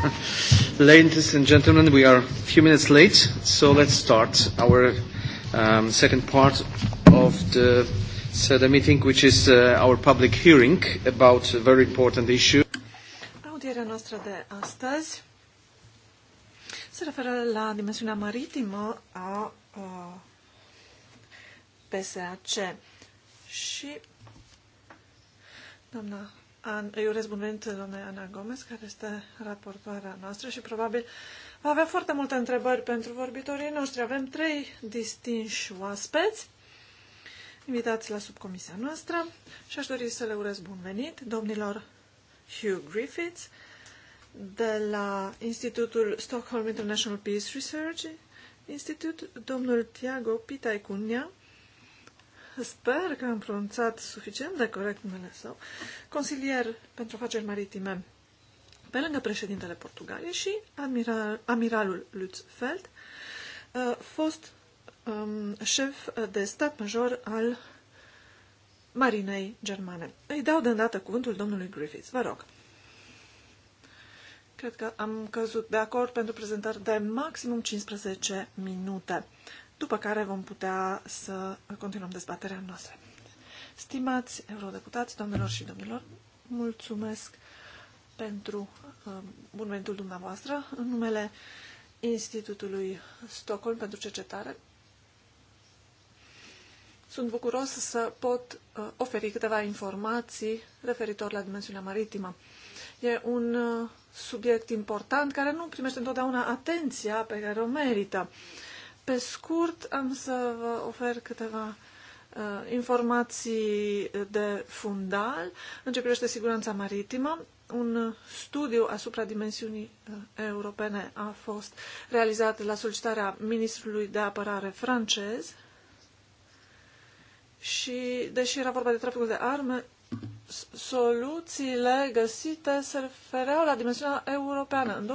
Ladies and gentlemen, we are a few minutes late, so let's start our um, second part of the SEDA meeting, which is uh, our public hearing about a very important issue. Audierea noastră de astăzi se referă la dimensiunea maritimă a uh, PSAC și doamna îi urez bun venit doamnei Ana Gomez, care este raportoarea noastră și probabil va avea foarte multe întrebări pentru vorbitorii noștri. Avem trei distinși oaspeți invitați la subcomisia noastră și aș dori să le urez bun venit domnilor Hugh Griffiths de la Institutul Stockholm International Peace Research Institute, domnul Tiago Pitaicunia Sper că am pronunțat suficient de corect numele său, consilier pentru afaceri maritime pe lângă președintele Portugaliei și admiral, amiralul Lutz Feld, uh, fost um, șef de stat major al marinei germane. Îi dau de îndată cuvântul domnului Griffiths. Vă rog. Cred că am căzut de acord pentru prezentări de maximum 15 minute după care vom putea să continuăm dezbaterea noastră. Stimați eurodeputați, domnilor și domnilor, mulțumesc pentru uh, bun venitul dumneavoastră în numele Institutului Stockholm pentru cercetare. Sunt bucuros să pot uh, oferi câteva informații referitor la dimensiunea maritimă. E un uh, subiect important care nu primește întotdeauna atenția pe care o merită. Pe scurt, am să vă ofer câteva uh, informații de fundal. În ce privește siguranța maritimă, un studiu asupra dimensiunii uh, europene a fost realizat la solicitarea ministrului de apărare francez și, deși era vorba de traficul de arme, soluțiile găsite se refereau la dimensiunea europeană. În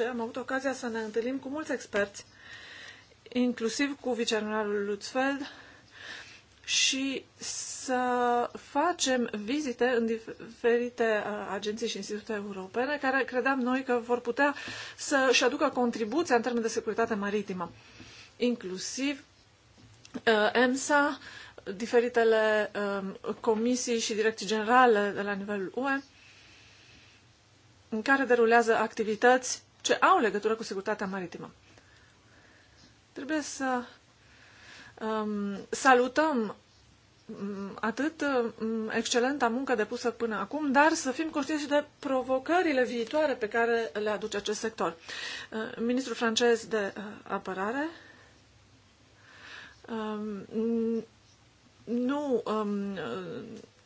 2009-2010 am avut ocazia să ne întâlnim cu mulți experți inclusiv cu viceadmiralul Lutzfeld, și să facem vizite în diferite uh, agenții și institute europene care credeam noi că vor putea să-și aducă contribuția în termen de securitate maritimă, inclusiv uh, EMSA, diferitele uh, comisii și direcții generale de la nivelul UE, în care derulează activități ce au legătură cu securitatea maritimă. Trebuie să um, salutăm mm, atât mm, excelenta muncă depusă până acum, dar să fim conștienți și de provocările viitoare pe care le aduce acest sector. Uh, ministrul francez de uh, apărare um, nu um,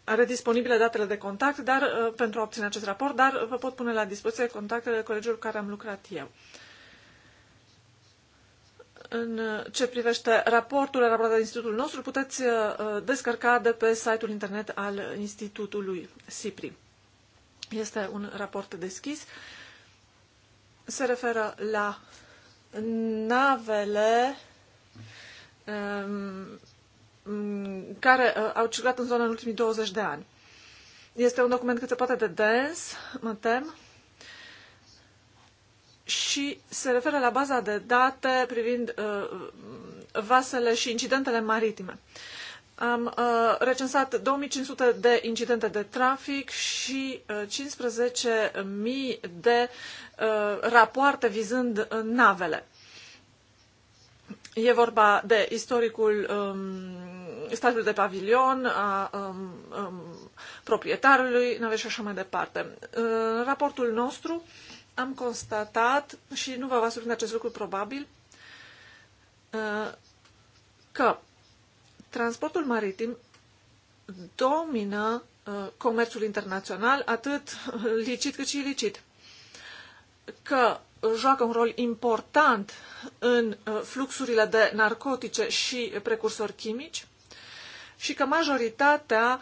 are disponibile datele de contact dar, uh, pentru a obține acest raport, dar vă pot pune la dispoziție contactele colegilor cu care am lucrat eu în ce privește raportul elaborat de institutul nostru, puteți uh, descărca de pe site-ul internet al institutului SIPRI. Este un raport deschis. Se referă la navele um, care uh, au circulat în zonă în ultimii 20 de ani. Este un document cât se poate de dens, mă tem, și se referă la baza de date privind uh, vasele și incidentele maritime. Am uh, recensat 2500 de incidente de trafic și uh, 15.000 de uh, rapoarte vizând uh, navele. E vorba de istoricul um, statului de pavilion, a um, um, proprietarului, nave și așa mai departe. În raportul nostru am constatat, și nu vă va surprinde acest lucru probabil, uh, că transportul maritim domină uh, comerțul internațional, atât licit cât și ilicit, că joacă un rol important în uh, fluxurile de narcotice și precursori chimici, și că majoritatea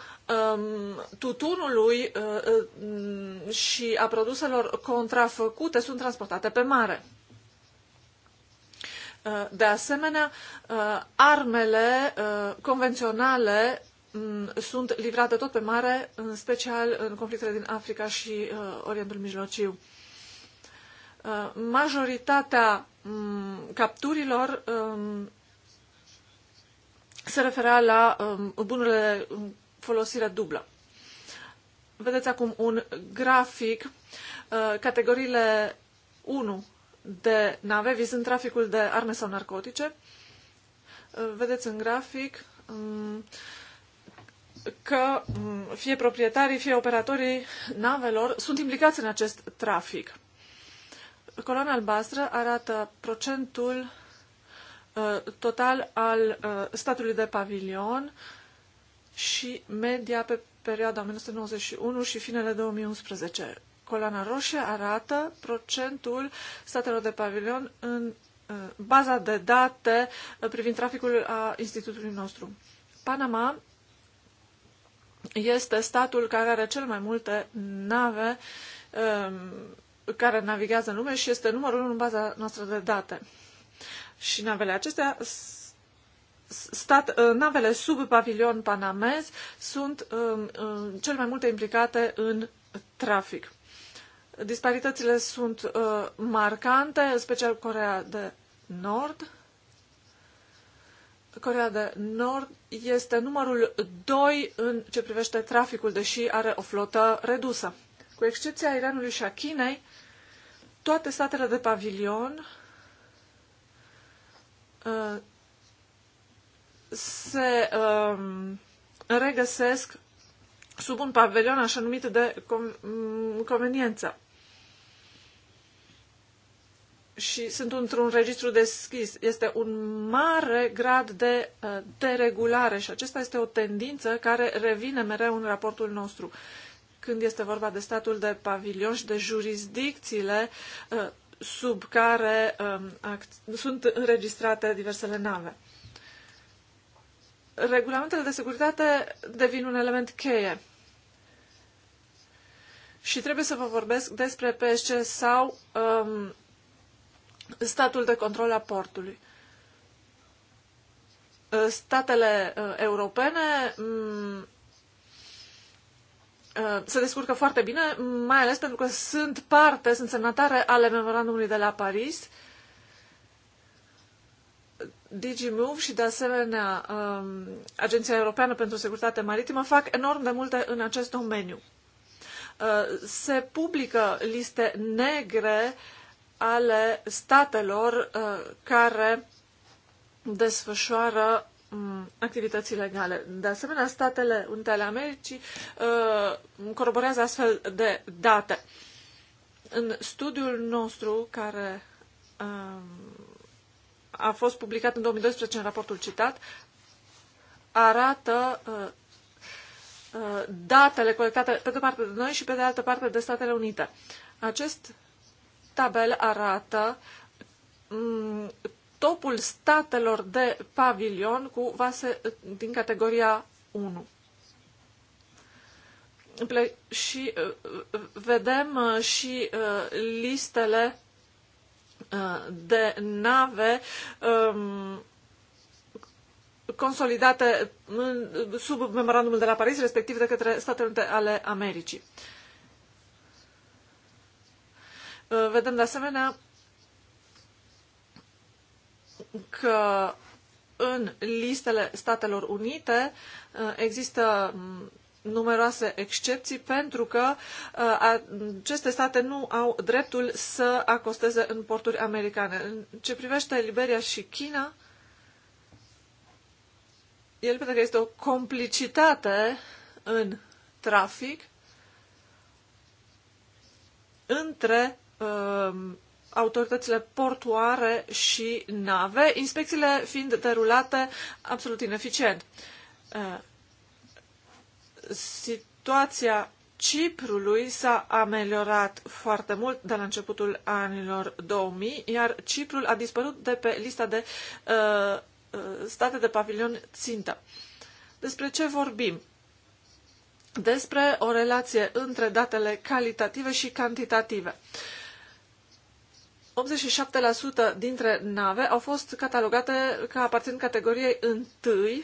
um, tutunului uh, uh, și a produselor contrafăcute sunt transportate pe mare. Uh, de asemenea, armele convenționale mm, sunt livrate tot pe mare, în special în conflictele din Africa și Orientul Mijlociu. Majoritatea mm, capturilor um, se referea la um, bunurile în folosire dublă. Vedeți acum un grafic. Uh, categoriile 1 de nave vizând traficul de arme sau narcotice. Uh, vedeți în grafic um, că um, fie proprietarii, fie operatorii navelor sunt implicați în acest trafic. Coloana albastră arată procentul Uh, total al uh, statului de pavilion și media pe perioada 1991 și finele 2011. Colana roșie arată procentul statelor de pavilion în uh, baza de date privind traficul a institutului nostru. Panama este statul care are cel mai multe nave um, care navigează în lume și este numărul în baza noastră de date și navele acestea stat, uh, navele sub pavilion panamez sunt um, uh, cel mai multe implicate în trafic. Disparitățile sunt uh, marcante, în special Corea de Nord. Corea de Nord este numărul 2 în ce privește traficul, deși are o flotă redusă. Cu excepția Iranului și a Chinei, toate statele de pavilion se um, regăsesc sub un pavilion așa numit de mm, conveniență. Și sunt într-un registru deschis. Este un mare grad de uh, deregulare și acesta este o tendință care revine mereu în raportul nostru când este vorba de statul de pavilion și de jurisdicțiile uh, sub care um, sunt înregistrate diversele nave. Regulamentele de securitate devin un element cheie. Și trebuie să vă vorbesc despre PSC sau um, statul de control a portului statele uh, europene mm, Uh, se descurcă foarte bine, mai ales pentru că sunt parte, sunt semnatare ale memorandumului de la Paris. DigiMove și, de asemenea, um, Agenția Europeană pentru Securitate Maritimă fac enorm de multe în acest domeniu. Uh, se publică liste negre ale statelor uh, care desfășoară Mm, activității legale. De asemenea, Statele Unite ale Americii uh, coroborează astfel de date. În studiul nostru, care uh, a fost publicat în 2012 în raportul citat, arată uh, uh, datele colectate pe de o parte de noi și pe de altă parte de Statele Unite. Acest tabel arată mm, topul statelor de pavilion cu vase din categoria 1. Și uh, uh, vedem uh, și listele de nave um, consolidate sub memorandumul de la Paris, respectiv de către Statele Unite ale Americii. Vedem de asemenea că în listele Statelor Unite uh, există mm, numeroase excepții pentru că uh, aceste state nu au dreptul să acosteze în porturi americane. În ce privește Liberia și China, el pentru că este o complicitate în trafic între uh, autoritățile portoare și nave, inspecțiile fiind derulate absolut ineficient. Eh, situația Ciprului s-a ameliorat foarte mult de la începutul anilor 2000, iar Ciprul a dispărut de pe lista de uh, state de pavilion țintă. Despre ce vorbim? Despre o relație între datele calitative și cantitative. Uh, 87% dintre nave au fost catalogate ca aparținând categoriei 1,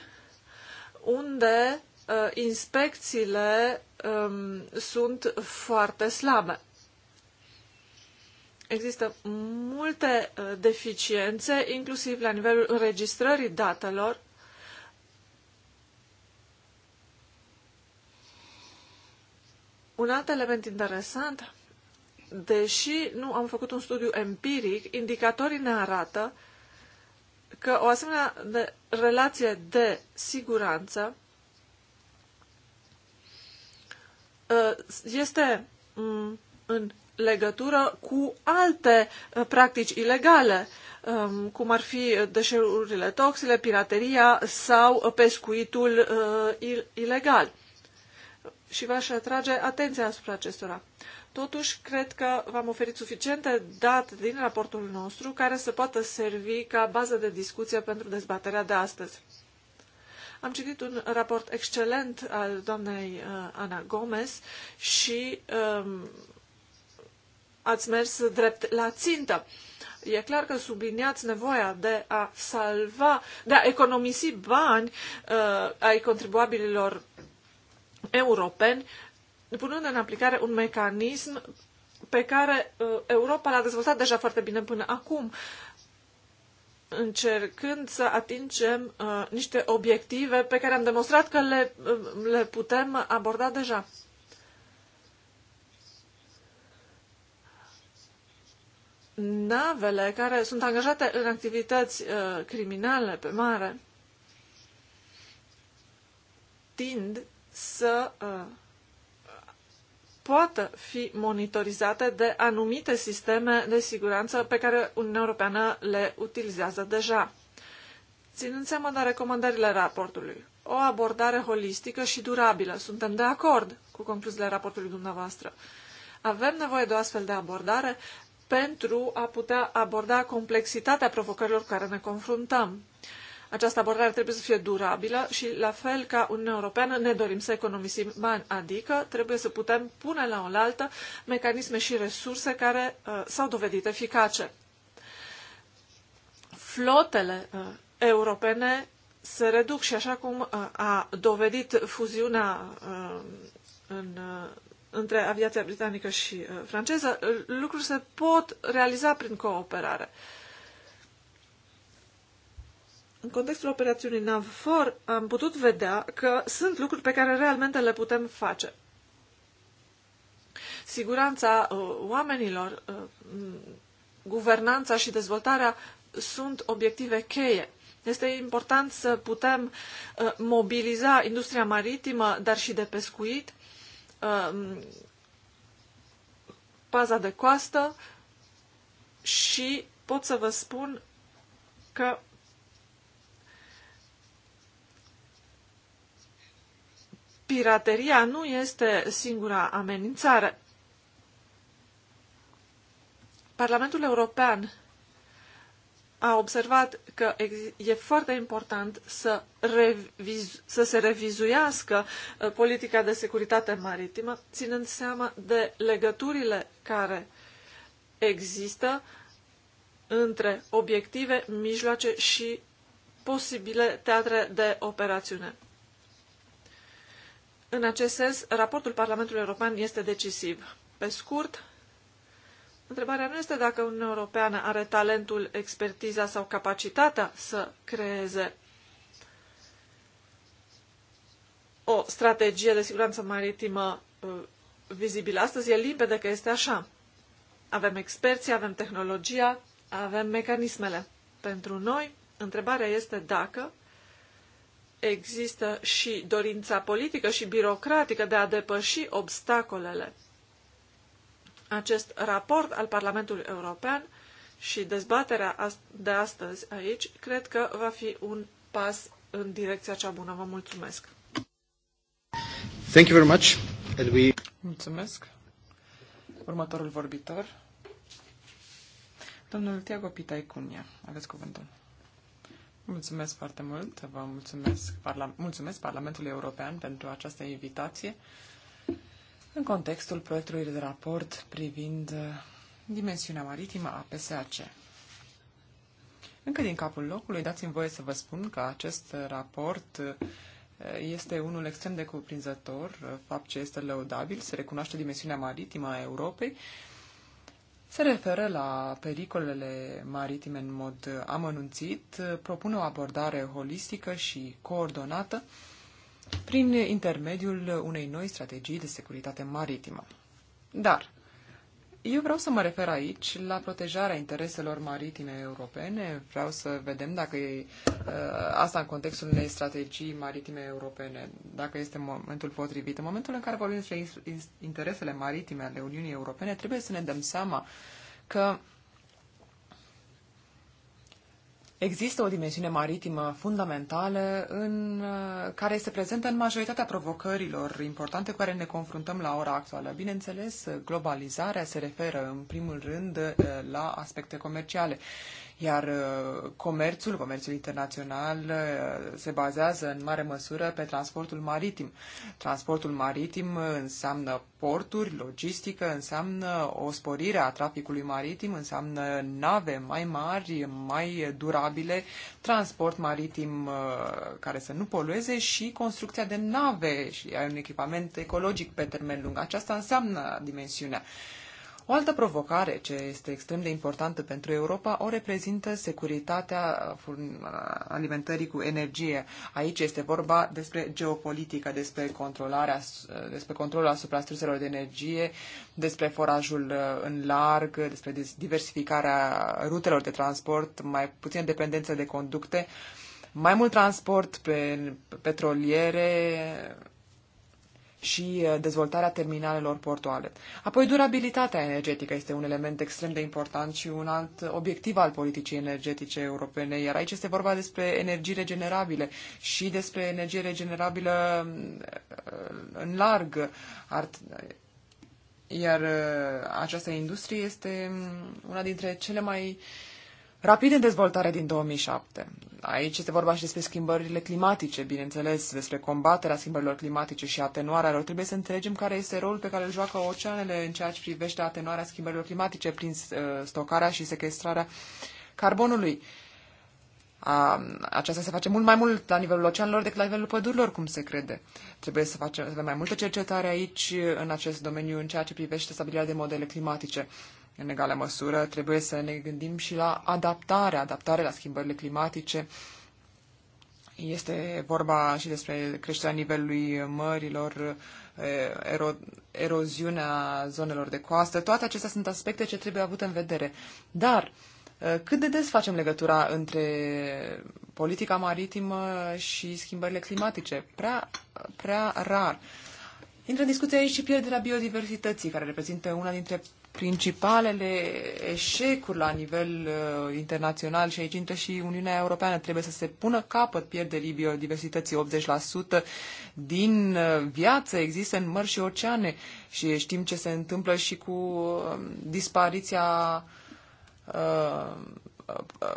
unde uh, inspecțiile um, sunt foarte slabe. Există multe uh, deficiențe, inclusiv la nivelul înregistrării datelor. Un alt element interesant deși nu am făcut un studiu empiric, indicatorii ne arată că o asemenea de relație de siguranță ă, este în legătură cu alte ă, practici ilegale, ă, cum ar fi deșeurile toxice, pirateria sau pescuitul ilegal. Și v-aș atrage atenția asupra acestora. Totuși, cred că v-am oferit suficiente date din raportul nostru care să poată servi ca bază de discuție pentru dezbaterea de astăzi. Am citit un raport excelent al doamnei uh, Ana Gomez și um, ați mers drept la țintă. E clar că subliniați nevoia de a salva, de a economisi bani uh, ai contribuabililor europeni punând în aplicare un mecanism pe care uh, Europa l-a dezvoltat deja foarte bine până acum, încercând să atingem uh, niște obiective pe care am demonstrat că le, uh, le putem aborda deja. Navele care sunt angajate în activități uh, criminale pe mare tind să uh, poată fi monitorizate de anumite sisteme de siguranță pe care Uniunea Europeană le utilizează deja. Ținând seama de recomandările raportului, o abordare holistică și durabilă, suntem de acord cu concluziile raportului dumneavoastră. Avem nevoie de o astfel de abordare pentru a putea aborda complexitatea provocărilor cu care ne confruntăm. Această abordare trebuie să fie durabilă și, la fel ca Uniunea Europeană, ne dorim să economisim bani, adică trebuie să putem pune la oaltă mecanisme și resurse care uh, s-au dovedit eficace. Flotele uh, europene se reduc și, așa cum uh, a dovedit fuziunea uh, în. Uh, între aviația britanică și uh, franceză, uh, lucruri se pot realiza prin cooperare. Uh, în contextul operațiunii NAVFOR am putut vedea că sunt lucruri pe care realmente le putem face. Siguranța uh, oamenilor, uh, guvernanța și dezvoltarea sunt obiective cheie. Este important să putem uh, mobiliza industria maritimă, dar și de pescuit, paza de coastă și pot să vă spun că pirateria nu este singura amenințare. Parlamentul European a observat că e foarte important să, revizu- să se revizuiască uh, politica de securitate maritimă, ținând seama de legăturile care există între obiective, mijloace și posibile teatre de operațiune. În acest sens, raportul Parlamentului European este decisiv. Pe scurt, întrebarea nu este dacă Uniunea Europeană are talentul, expertiza sau capacitatea să creeze o strategie de siguranță maritimă uh, vizibilă. Astăzi e limpede că este așa. Avem experții, avem tehnologia, avem mecanismele. Pentru noi, întrebarea este dacă există și dorința politică și birocratică de a depăși obstacolele. Acest raport al Parlamentului European și dezbaterea de astăzi aici cred că va fi un pas în direcția cea bună. Vă mulțumesc! Thank you very much. And we... Mulțumesc! Următorul vorbitor, domnul Tiago Pitai Aveți cuvântul. Mulțumesc foarte mult. Vă mulțumesc, parla- mulțumesc Parlamentului European pentru această invitație în contextul proiectului de raport privind uh, dimensiunea maritimă a PSAC. Încă din capul locului, dați-mi voie să vă spun că acest raport uh, este unul extrem de cuprinzător, uh, fapt ce este lăudabil, se recunoaște dimensiunea maritimă a Europei se referă la pericolele maritime în mod amănunțit, propune o abordare holistică și coordonată prin intermediul unei noi strategii de securitate maritimă. Dar eu vreau să mă refer aici la protejarea intereselor maritime europene. Vreau să vedem dacă e ă, asta în contextul unei strategii maritime europene, dacă este momentul potrivit. În momentul în care vorbim despre interesele maritime ale Uniunii Europene, trebuie să ne dăm seama că Există o dimensiune maritimă fundamentală în, uh, care este prezentă în majoritatea provocărilor importante cu care ne confruntăm la ora actuală. Bineînțeles, globalizarea se referă în primul rând uh, la aspecte comerciale iar uh, comerțul, comerțul internațional uh, se bazează în mare măsură pe transportul maritim. Transportul maritim înseamnă porturi, logistică, înseamnă o sporire a traficului maritim, înseamnă nave mai mari, mai durabile, transport maritim uh, care să nu polueze și construcția de nave și ai un echipament ecologic pe termen lung. Aceasta înseamnă dimensiunea. O altă provocare ce este extrem de importantă pentru Europa o reprezintă securitatea alimentării cu energie. Aici este vorba despre geopolitică, despre, controlarea, despre controlul asupra surselor de energie, despre forajul uh, în larg, despre diversificarea rutelor de transport, mai puțin dependență de conducte, mai mult transport pe petroliere, și uh, dezvoltarea terminalelor portoale. Apoi, durabilitatea energetică este un element extrem de important și un alt obiectiv al politicii energetice europene, iar aici este vorba despre energii regenerabile și despre energie regenerabilă uh, în larg. Iar uh, această industrie este um, una dintre cele mai uh, rapid în dezvoltare din 2007. Aici este vorba și despre schimbările climatice, bineînțeles, despre combaterea schimbărilor climatice și atenuarea lor. Trebuie să înțelegem care este rolul pe care îl joacă oceanele în ceea ce privește atenuarea schimbărilor climatice prin uh, stocarea și sequestrarea carbonului. A, aceasta se face mult mai mult la nivelul oceanelor decât la nivelul pădurilor, cum se crede. Trebuie să facem să avem mai multă cercetare aici, în acest domeniu, în ceea ce privește stabilirea de modele climatice. În egală măsură, trebuie să ne gândim și la adaptare, adaptare la schimbările climatice. Este vorba și despre creșterea nivelului mărilor, ero- eroziunea zonelor de coastă. Toate acestea sunt aspecte ce trebuie avute în vedere. Dar cât de des facem legătura între politica maritimă și schimbările climatice? Prea, prea rar. Intră în discuție aici și pierderea biodiversității, care reprezintă una dintre principalele eșecuri la nivel uh, internațional și aici intră și Uniunea Europeană. Trebuie să se pună capăt pierderii biodiversității. 80% din uh, viață există în mări și oceane și știm ce se întâmplă și cu uh, dispariția uh, uh,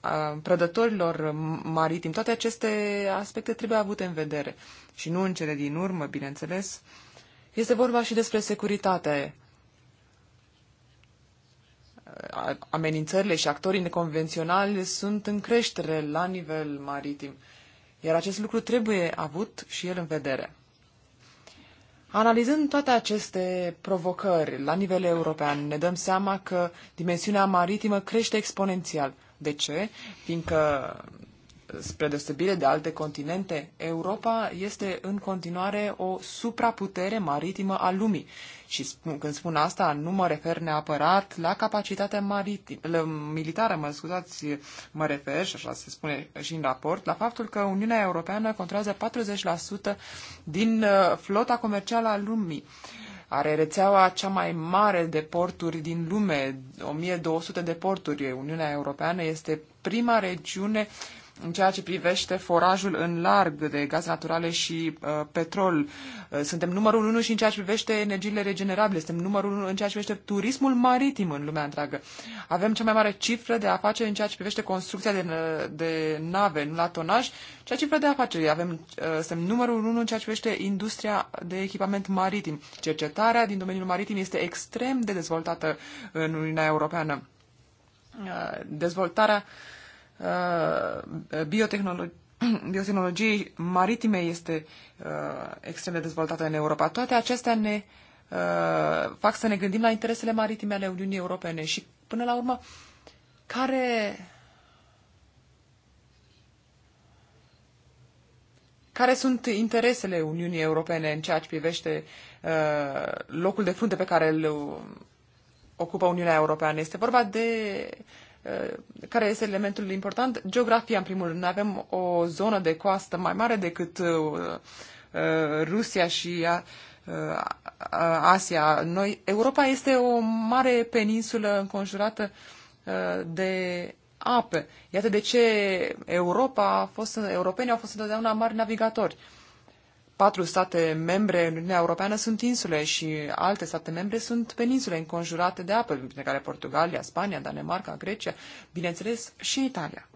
a uh, prădătorilor maritimi. Toate aceste aspecte trebuie avute în vedere. Și nu în cele din urmă, bineînțeles. Este vorba și despre securitate amenințările și actorii neconvenționali sunt în creștere la nivel maritim, iar acest lucru trebuie avut și el în vedere. Analizând toate aceste provocări la nivel european, ne dăm seama că dimensiunea maritimă crește exponențial. De ce? Fiindcă spre deosebire de alte continente, Europa este în continuare o supraputere maritimă a lumii. Și spun, când spun asta, nu mă refer neapărat la capacitatea maritim, la, militară, mă scuzați, mă refer, și așa se spune și în raport, la faptul că Uniunea Europeană controlează 40% din uh, flota comercială a lumii. Are rețeaua cea mai mare de porturi din lume, 1200 de porturi. Uniunea Europeană este prima regiune uh, în ceea ce privește forajul în larg de gaze naturale și uh, petrol. Uh, suntem numărul unu și în ceea ce privește energiile regenerabile, suntem numărul unu în ceea ce privește turismul maritim în lumea întreagă. Avem cea mai mare cifră de afaceri în ceea ce privește construcția de, de nave, nu la tonaj, cea cifră de afaceri. Avem, uh, suntem numărul unu în ceea ce privește industria de echipament maritim. Cercetarea din domeniul maritim este extrem de dezvoltată în Uniunea Europeană. Uh, dezvoltarea uh, Uh, biotehnologie biotehnologiei maritime este uh, extrem de dezvoltată în Europa. Toate acestea ne uh, fac să ne gândim la interesele maritime ale Uniunii Europene și, până la urmă, care, care sunt interesele Uniunii Europene în ceea ce privește uh, locul de frunte pe care îl uh, ocupă Uniunea Europeană. Este vorba de Uh, care este elementul important? Geografia, în primul rând. Avem o zonă de coastă mai mare decât uh, uh, Rusia și Asia. Noi, Europa este o mare peninsulă înconjurată de ape. Iată de ce Europa a fost, europenii au fost întotdeauna mari navigatori. Uh, patru state membre în Uniunea Europeană sunt insule și alte state membre sunt peninsule înconjurate de apă, printre care Portugalia, Spania, Danemarca, Grecia, bineînțeles și Italia.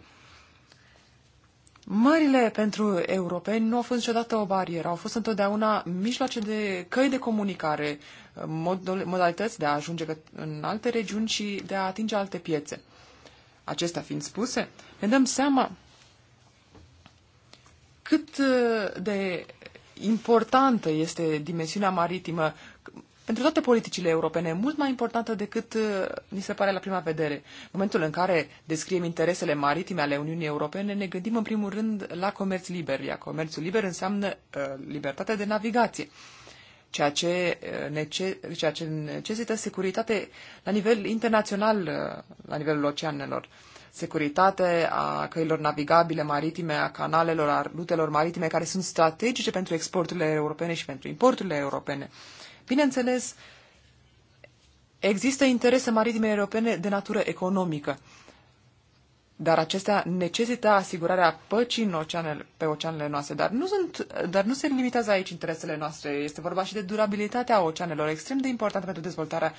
Mările pentru europeni nu au fost niciodată o barieră, au fost întotdeauna mijloace de căi de comunicare, modalități de a ajunge în alte regiuni și de a atinge alte piețe. Acestea fiind spuse, ne dăm seama cât de importantă este dimensiunea maritimă pentru toate politicile europene, mult mai importantă decât uh, ni se pare la prima vedere. În momentul în care descriem interesele maritime ale Uniunii Europene, ne gândim în primul rând la comerț liber, iar comerțul liber înseamnă uh, libertate de navigație, ceea ce, uh, nece- ceea ce necesită securitate la nivel internațional, uh, la nivelul oceanelor. Uh, securitate a căilor navigabile maritime, a canalelor, a rutelor maritime, care sunt strategice pentru exporturile europene și pentru importurile europene. Bineînțeles, există interese maritime europene de natură economică, dar acestea necesită asigurarea păcii în oceanele, pe oceanele noastre. Dar nu, sunt, dar nu se limitează aici interesele noastre. Este vorba și de durabilitatea oceanelor, extrem de importantă pentru dezvoltarea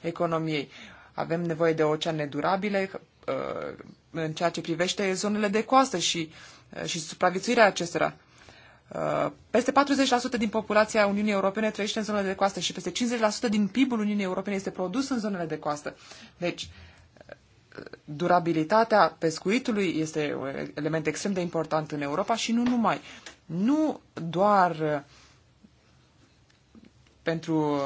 economiei. Avem nevoie de oceane durabile Uh, în ceea ce privește zonele de coastă și, uh, și supraviețuirea acestora. Uh, peste 40% din populația Uniunii Europene trăiește în zonele de coastă și peste 50% din PIB-ul Uniunii Europene este produs în zonele de coastă. Deci, durabilitatea pescuitului este un element extrem de important în Europa și nu numai. Nu doar pentru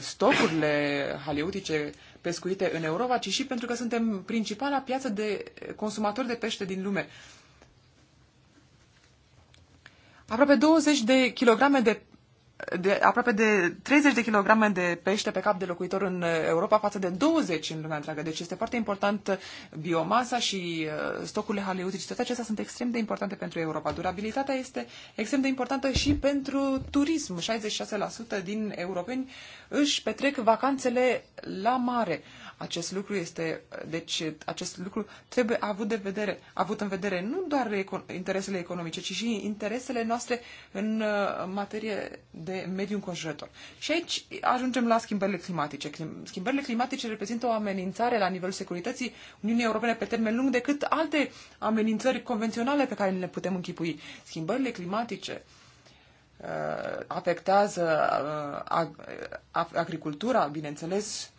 stocurile haleutice pescuite în Europa, ci și pentru că suntem principala piață de consumatori de pește din lume. Aproape 20 de kilograme de de aproape de 30 de kilograme de pește pe cap de locuitor în uh, Europa față de 20 în lumea întreagă. Deci este foarte important uh, biomasa și uh, stocurile haleutice. Toate acestea sunt extrem de importante pentru Europa. Durabilitatea este extrem de importantă și pentru turism. 66% din europeni își petrec vacanțele la mare. Acest lucru este, deci acest lucru trebuie avut de vedere, avut în vedere nu doar interesele economice, ci și interesele noastre în materie de de mediu înconjurător. Și aici ajungem la schimbările climatice. Schimbările climatice reprezintă o amenințare la nivelul securității Uniunii Europene pe termen lung decât alte amenințări convenționale pe care le putem închipui. Schimbările climatice uh, afectează uh, agricultura, bineînțeles,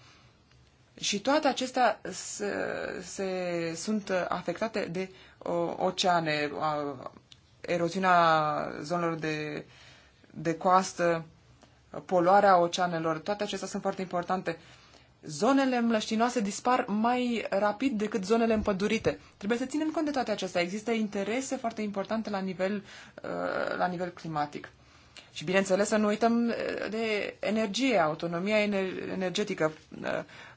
și toate acestea se, se, sunt afectate de o, uh, oceane, a, eroziunea zonelor de de coastă, poluarea oceanelor, toate acestea sunt foarte importante. Zonele mlăștinoase dispar mai rapid decât zonele împădurite. Trebuie să ținem cont de toate acestea. Există interese foarte importante la nivel, uh, la nivel climatic. Și bineînțeles să nu uităm uh, de energie, autonomia energetică. 40%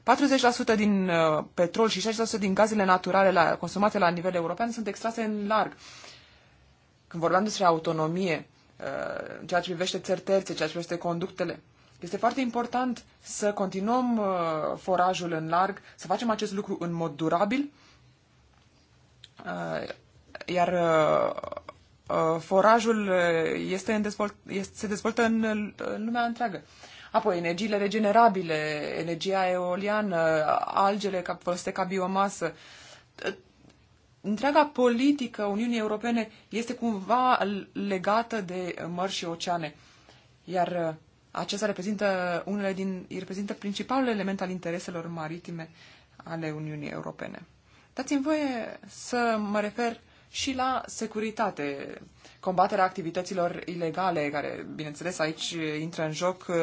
uh, din petrol și 60% din gazele naturale consumate la nivel european sunt extrase în larg. Când vorbeam despre autonomie, în ceea ce privește țări terțe, ceea ce privește conductele. Este foarte important să continuăm uh, forajul în larg, să facem acest lucru în mod durabil, uh, iar uh, forajul este în dezvolt, se dezvoltă în, în lumea întreagă. Apoi, energiile regenerabile, energia eoliană, algele folosite ca biomasă, întreaga politică Uniunii Europene este cumva legată de mări și oceane. Iar uh, acesta reprezintă unele din, reprezintă principalul element al intereselor maritime ale Uniunii Europene. Dați-mi voie să mă refer și la securitate, combaterea activităților ilegale, care, bineînțeles, aici uh, intră în joc uh,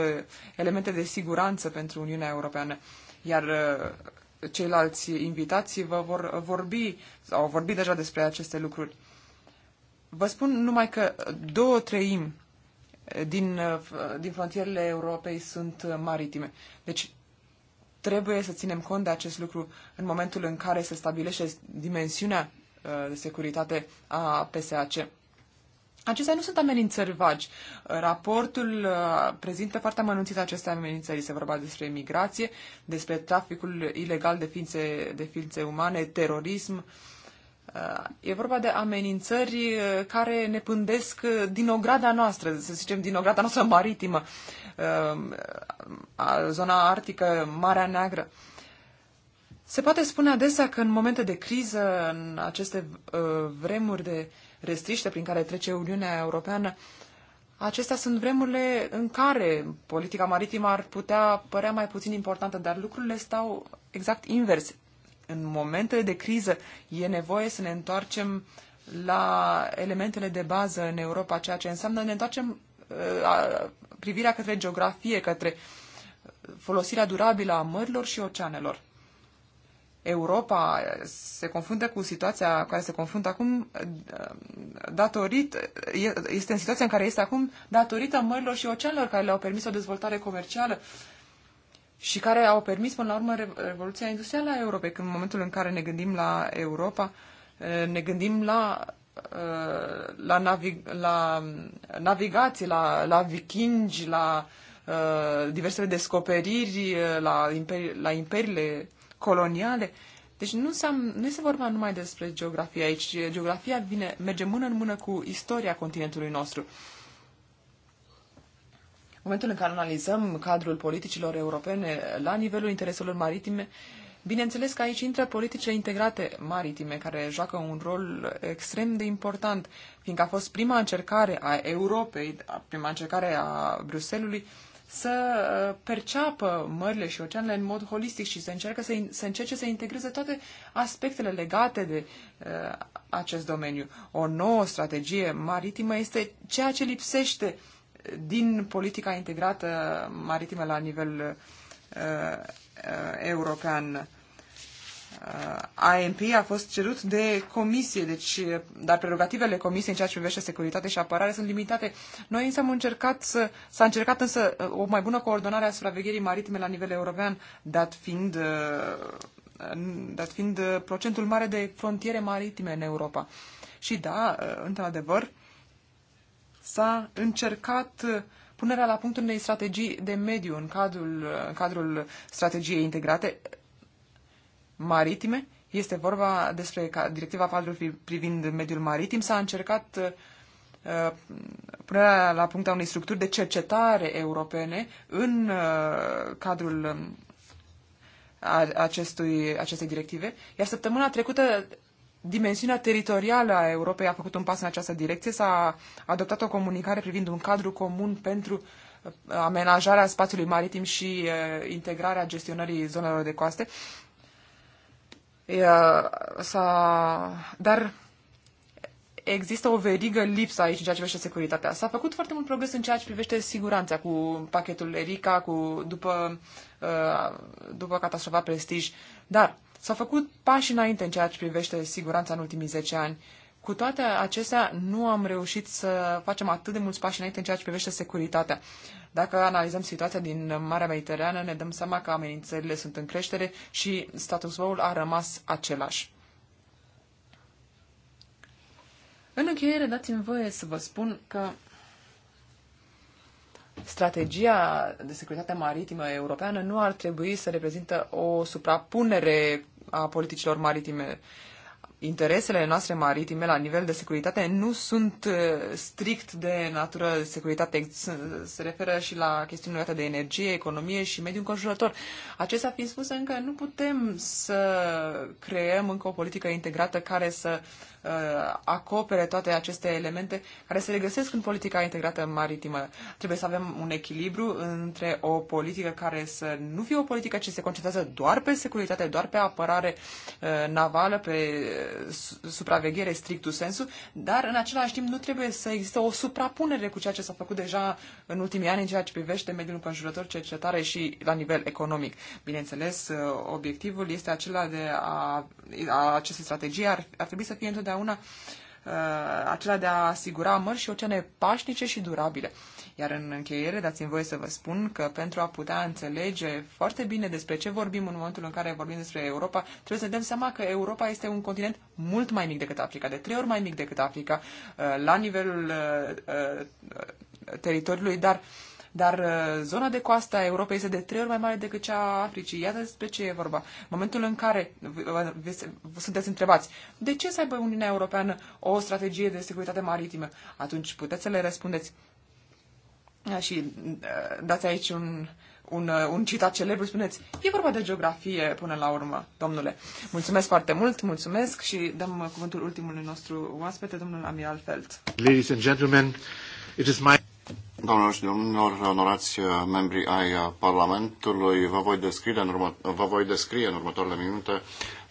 elemente de siguranță pentru Uniunea Europeană. Iar ceilalți invitații vă vor vorbi, sau au vorbit deja despre aceste lucruri. Vă spun numai că două treimi din, din frontierele Europei sunt maritime. Deci trebuie să ținem cont de acest lucru în momentul în care se stabilește dimensiunea uh, de securitate a PSAC. Acestea nu sunt amenințări vagi. Raportul uh, prezintă foarte amănunțit aceste amenințări. Se vorba despre migrație, despre traficul ilegal de ființe, de ființe umane, terorism. Uh, e vorba de amenințări uh, care ne pândesc din ograda noastră, să zicem din ograda noastră maritimă, zona arctică, Marea Neagră. Se poate spune adesea că în momente de criză, în aceste vremuri de uh, restriște prin care trece Uniunea Europeană, acestea sunt vremurile în care politica maritimă ar putea părea mai puțin importantă, dar lucrurile stau exact invers. În momentele de criză e nevoie să ne întoarcem la elementele de bază în Europa, ceea ce înseamnă ne întoarcem uh, privirea către geografie, către folosirea durabilă a mărilor și oceanelor. Europa se confruntă cu situația care se confruntă acum datorit, este în situația în care este acum datorită mărilor și oceanelor care le-au permis o dezvoltare comercială și care au permis până la urmă revoluția industrială a Europei. Când în momentul în care ne gândim la Europa, ne gândim la uh, la, navig, la navigații, la, la vikingi, la uh, diversele descoperiri, uh, la, imperi, la imperiile coloniale. Deci nu, nu este vorba numai despre geografie aici. Geografia vine, merge mână în mână cu istoria continentului nostru. În momentul în care analizăm cadrul politicilor europene la nivelul intereselor maritime, bineînțeles că aici intră politicile integrate maritime, care joacă un rol extrem de important, fiindcă a fost prima încercare a Europei, prima încercare a Bruselului, să uh, perceapă mările și oceanele în mod holistic și să, încercă să, să încerce să integreze toate aspectele legate de uh, acest domeniu. O nouă strategie maritimă este ceea ce lipsește din politica integrată maritimă la nivel uh, uh, european. Uh, AMP a fost cerut de comisie, deci, uh, dar prerogativele comisiei în ceea ce privește securitate și apărare sunt limitate. Noi însă am încercat să, s-a încercat însă uh, o mai bună coordonare a supravegherii maritime la nivel european, dat fiind, dat fiind procentul mare de frontiere maritime în Europa. Și da, într-adevăr, s-a încercat punerea la punct unei strategii de mediu în cadrul, în cadrul strategiei integrate maritime. Este vorba despre ca, directiva cadrului privind mediul maritim. S-a încercat până uh, punerea la punct a unei structuri de cercetare europene în uh, cadrul um, acestui, acestei directive. Iar săptămâna trecută dimensiunea teritorială a Europei a făcut un pas în această direcție. S-a adoptat o comunicare privind un cadru comun pentru uh, amenajarea spațiului maritim și integrarea gestionării zonelor de coaste dar există o verigă lipsă aici în ceea ce privește securitatea. S-a făcut foarte mult progres în ceea ce privește siguranța cu pachetul Erika, cu, după, după catastrofa Prestige, dar s-au făcut pași înainte în ceea ce privește siguranța în ultimii 10 ani cu toate acestea, nu am reușit să facem atât de mulți pași înainte în ceea ce privește securitatea. Dacă analizăm situația din Marea Mediterană, ne dăm seama că amenințările sunt în creștere și status quo-ul a rămas același. În încheiere, dați-mi voie să vă spun că strategia de securitate maritimă europeană nu ar trebui să reprezintă o suprapunere a politicilor maritime uh, interesele noastre maritime la nivel de securitate nu sunt uh, strict de natură de securitate. Uh, se referă și la chestiunile legate de energie, economie și mediul înconjurător. Acestea fiind spuse, încă nu putem să creăm încă o politică integrată care să uh, uh, acopere toate aceste elemente care se regăsesc în politica integrată maritimă. Trebuie să avem un echilibru între o politică care să nu fie o politică ce se concentrează doar pe securitate, doar pe apărare uh, navală, pe uh, supraveghere strictu sensu, dar în același timp nu trebuie să există o suprapunere cu ceea ce s-a făcut deja în ultimii ani în ceea ce privește mediul înconjurător, cercetare și la nivel economic. Bineînțeles, uh, obiectivul este acela de a, a acestei strategii ar, ar trebui să fie întotdeauna întotdeauna uh, acela de a asigura mări și oceane pașnice și durabile. Iar în încheiere, dați-mi voie să vă spun că pentru a putea înțelege foarte bine despre ce vorbim în momentul în care vorbim despre Europa, trebuie să ne dăm seama că Europa este un continent mult mai mic decât Africa, de trei ori mai mic decât Africa, uh, la nivelul uh, uh, teritoriului, dar uh, dar uh, zona de coastă a Europei este de trei ori mai mare decât cea a Africii. Iată despre ce e vorba. În momentul în care sunteți întrebați de ce să aibă Uniunea Europeană o strategie de securitate maritimă, atunci puteți să le răspundeți. Și uh, dați aici un, un, uh, un citat celebru, spuneți, e vorba de geografie până la urmă, domnule. Mulțumesc foarte mult, mulțumesc și dăm cuvântul ultimului nostru oaspete, domnul Amiral Felt. Ladies and gentlemen, it is my... Doamnelor și domnilor, onorați uh, membri ai uh, Parlamentului, vă voi, descrie în urmă, vă voi descrie în următoarele minute,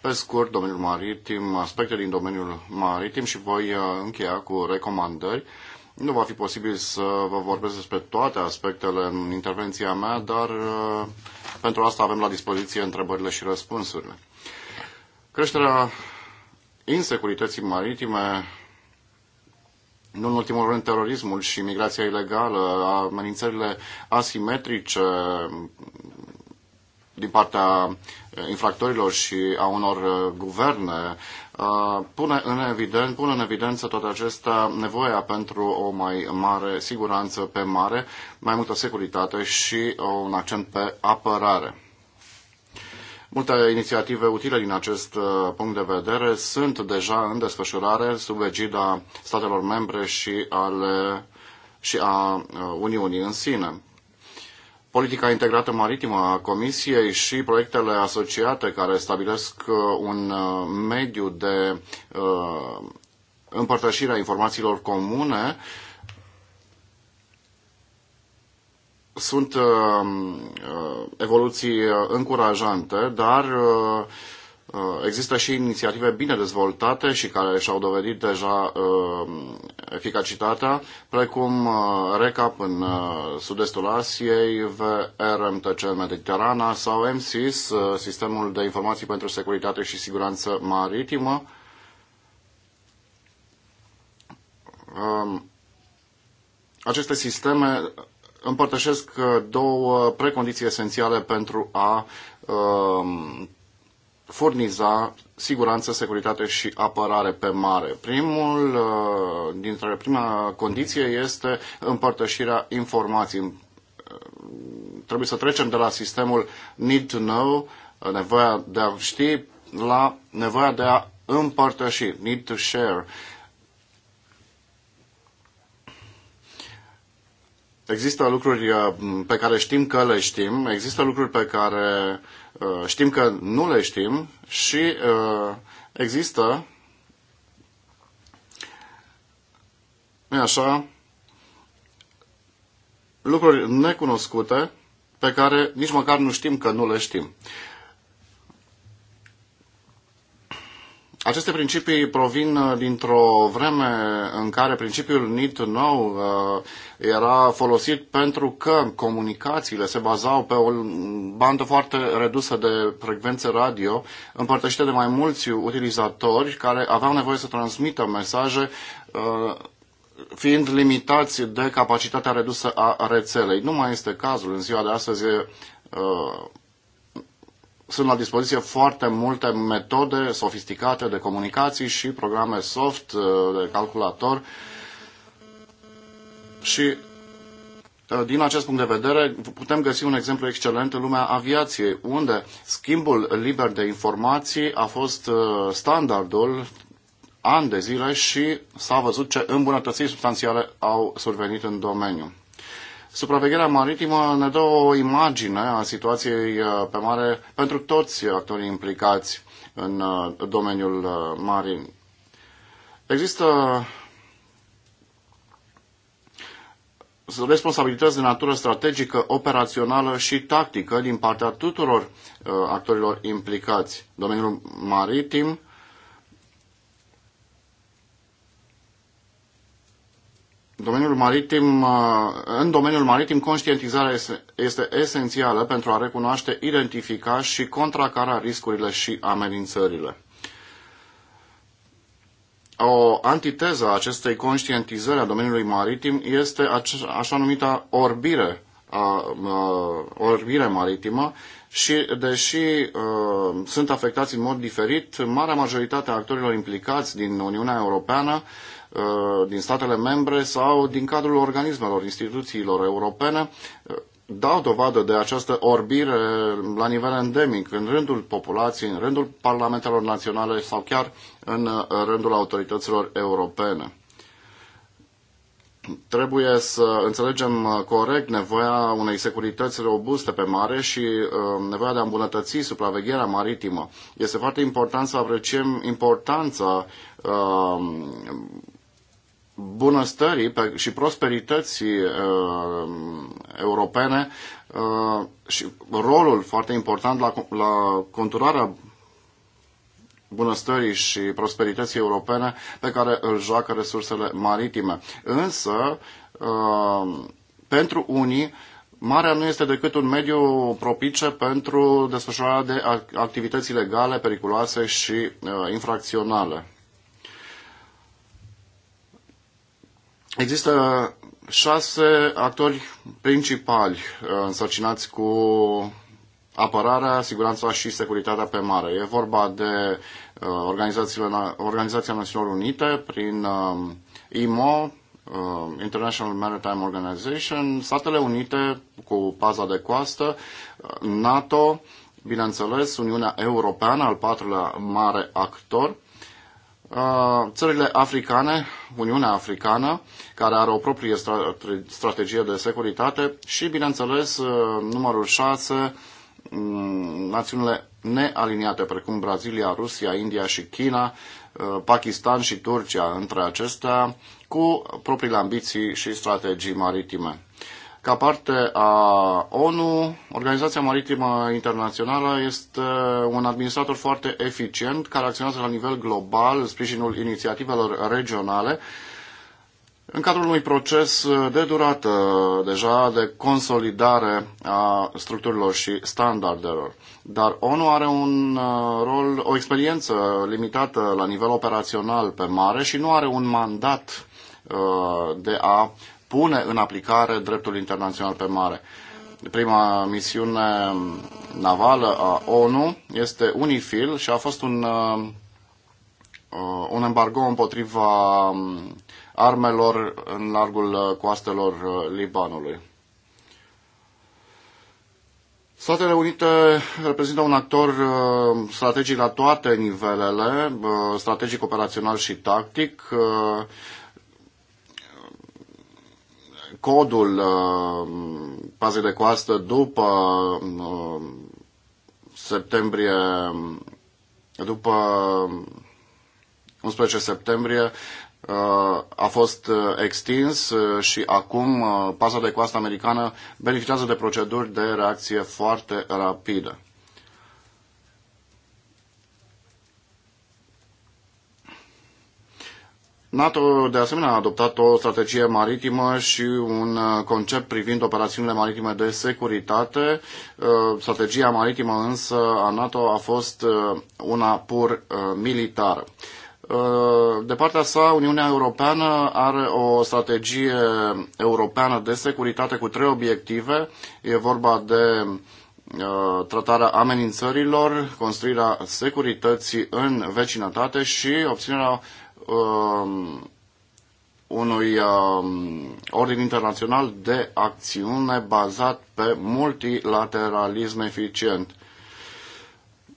pe scurt, domeniul maritim, aspecte din domeniul maritim și voi uh, încheia cu recomandări. Nu va fi posibil să vă vorbesc despre toate aspectele în intervenția mea, dar pentru asta avem la dispoziție întrebările și răspunsurile. Creșterea insecurității maritime nu în ultimul rând terorismul și migrația ilegală, amenințările asimetrice din partea infractorilor și a unor uh, guverne, uh, pune în, evident, pune în evidență toate acestea nevoia pentru o mai mare siguranță pe mare, mai multă securitate și un accent pe apărare. Multe inițiative utile din acest uh, punct de vedere sunt deja în desfășurare sub egida statelor membre și, ale, și a uh, Uniunii în sine. Politica integrată maritimă a Comisiei și proiectele asociate care stabilesc uh, un mediu de împărtășire a informațiilor comune uh, sunt uh, uh, evoluții uh, încurajante, dar există și inițiative bine dezvoltate și care și-au dovedit deja eficacitatea, precum RECAP în sud-estul Asiei, VRMTC în Mediterana sau MSIS, Sistemul de Informații pentru Securitate și Siguranță Maritimă. Um, aceste sisteme împărtășesc uh, două precondiții esențiale pentru a uh, furniza siguranță, securitate și apărare pe mare. Primul, uh, dintre prima condiție este împărtășirea informației. Uh, trebuie să trecem de la sistemul need to know, uh, nevoia de a ști, la nevoia de a împărtăși, need to share. Uh, Există lucruri uh, pe care știm că le știm, există lucruri pe care uh, știm că nu le știm și uh, există, nu așa, lucruri necunoscute pe care nici măcar nu știm că nu le știm. Aceste principii provin uh, dintr-o vreme în care principiul need to know uh, era folosit pentru că comunicațiile se bazau pe o bandă foarte redusă de frecvențe radio, împărtășite de mai mulți utilizatori care aveau nevoie să transmită mesaje uh, fiind limitați de capacitatea redusă a rețelei. Nu mai este cazul în ziua de astăzi sunt la dispoziție foarte multe metode sofisticate de comunicații și programe soft uh, de calculator și uh, din acest punct de vedere putem găsi un exemplu excelent în lumea aviației, unde schimbul liber de informații a fost uh, standardul ani de zile și s-a văzut ce îmbunătățiri substanțiale au survenit în domeniu. Supravegherea maritimă ne dă o imagine a situației uh, pe mare pentru toți actorii implicați în uh, domeniul uh, marin. Există responsabilități de natură strategică, operațională și tactică din partea tuturor actorilor implicați. Domeniul maritim domeniul maritim, uh, în domeniul maritim, conștientizarea este, esențială pentru a recunoaște, identifica și contracara riscurile și amenințările. O antiteză a acestei conștientizări a domeniului maritim este așa numita orbire, a, orbire maritimă și, deși sunt afectați în mod diferit, marea majoritate a actorilor implicați din Uniunea Europeană Uh, din statele membre sau din cadrul organismelor, instituțiilor europene uh, dau dovadă de această orbire la nivel endemic în rândul populației, în rândul parlamentelor naționale sau chiar în uh, rândul autorităților europene. Trebuie să înțelegem corect nevoia unei securități robuste pe mare și nevoia de a îmbunătăți supravegherea maritimă. Este foarte important să apreciem importanța bunăstării și prosperității uh, europene uh, și rolul foarte important la, la conturarea bunăstării și prosperității europene pe care îl joacă resursele maritime. Însă, uh, pentru unii, Marea nu este decât un mediu propice pentru desfășurarea de activități legale, periculoase și uh, infracționale. Există șase actori principali uh, însărcinați cu apărarea, siguranța și securitatea pe mare. E vorba de uh, organizațiile, Organizația Națiunilor Unite prin uh, IMO, International Maritime Organization, Statele Unite cu paza de coastă, NATO, bineînțeles, Uniunea Europeană, al patrulea mare actor, Uh, țările africane, Uniunea Africană, care are o proprie strategie de securitate și, bineînțeles, uh, numărul 6, mm, națiunile nealiniate, precum Brazilia, Rusia, India și China, uh, Pakistan și Turcia, între acestea, cu propriile ambiții și strategii maritime. Ca parte a ONU, Organizația Maritimă Internațională este un administrator foarte eficient care acționează la nivel global sprijinul inițiativelor regionale în cadrul unui proces de durată deja de consolidare a structurilor și standardelor. Dar ONU are un uh, rol, o experiență limitată la nivel operațional pe mare și nu are un mandat uh, de a pune în aplicare dreptul internațional pe mare. Prima misiune navală a ONU este UNIFIL și a fost un, uh, uh, un embargo împotriva um, armelor în largul uh, coastelor Libanului. Statele Unite reprezintă un actor strategic la toate nivelele, strategic operațional și tactic codul uh, pazei de coastă după uh, septembrie, după 11 septembrie uh, a fost extins și acum paza de coastă americană beneficiază de proceduri de reacție foarte rapidă. NATO, de asemenea, a adoptat o strategie maritimă și un uh, concept privind operațiunile maritime de securitate. Uh, strategia maritimă însă a NATO a fost uh, una pur militară. De partea sa, Uniunea Europeană are o strategie europeană de securitate cu trei obiective. E vorba de tratarea amenințărilor, construirea securității în vecinătate și obținerea Um, unui um, ordin internațional de acțiune bazat pe multilateralism eficient.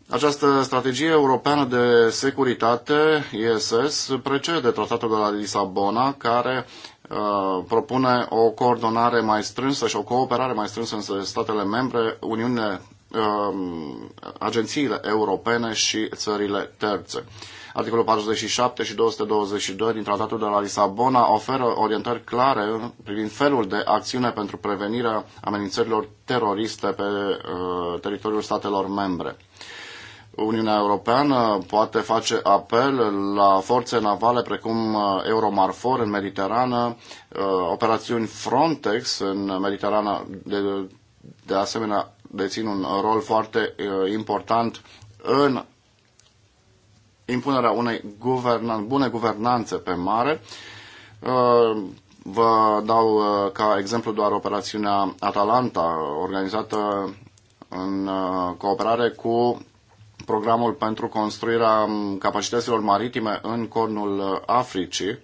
Această strategie europeană de securitate, ISS, precede tratatul de la Lisabona, care uh, propune o coordonare mai strânsă și o cooperare mai strânsă între statele membre, Uniunea Um, agențiile europene și țările terțe. Articolul 47 și 222 din Tratatul de la Lisabona oferă orientări clare privind felul de acțiune pentru prevenirea amenințărilor teroriste pe uh, teritoriul statelor membre. Uniunea Europeană poate face apel la forțe navale precum uh, Euromarfor în Mediterană, uh, operațiuni Frontex în Mediterană, de, de asemenea dețin un rol foarte uh, important în impunerea unei guvernan- bune guvernanțe pe mare. Uh, vă dau uh, ca exemplu doar operațiunea Atalanta, organizată în cooperare cu programul pentru construirea capacităților maritime în cornul Africii.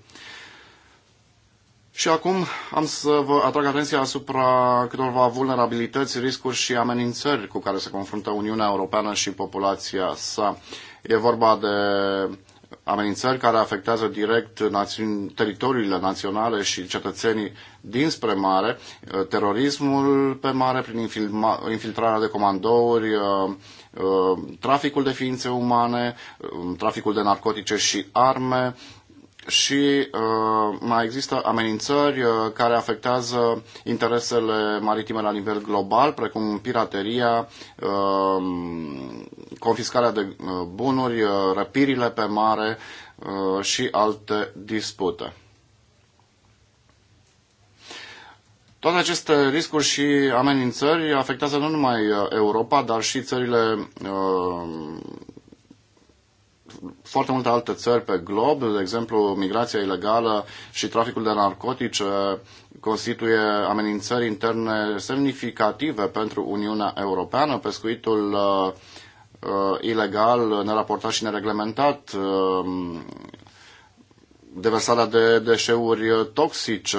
Și acum am să vă atrag atenția asupra câtorva vulnerabilități, riscuri și amenințări cu care se confruntă Uniunea Europeană și populația sa. E vorba de amenințări care afectează direct teritoriile naționale și cetățenii dinspre mare, terorismul pe mare prin infiltrarea de comandouri, uh, uh, traficul de ființe umane, uh, traficul de narcotice și arme, și uh, mai există amenințări uh, care afectează interesele maritime la nivel global, precum pirateria, uh, confiscarea de uh, bunuri, uh, răpirile pe mare uh, și alte dispute. Toate aceste riscuri și amenințări afectează nu numai uh, Europa, dar și țările uh, foarte multe alte țări pe glob, de exemplu, migrația ilegală și traficul de narcotice constituie amenințări interne semnificative pentru Uniunea Europeană. Pescuitul uh, uh ilegal, neraportat și nereglementat, uh, deversarea de deșeuri toxice,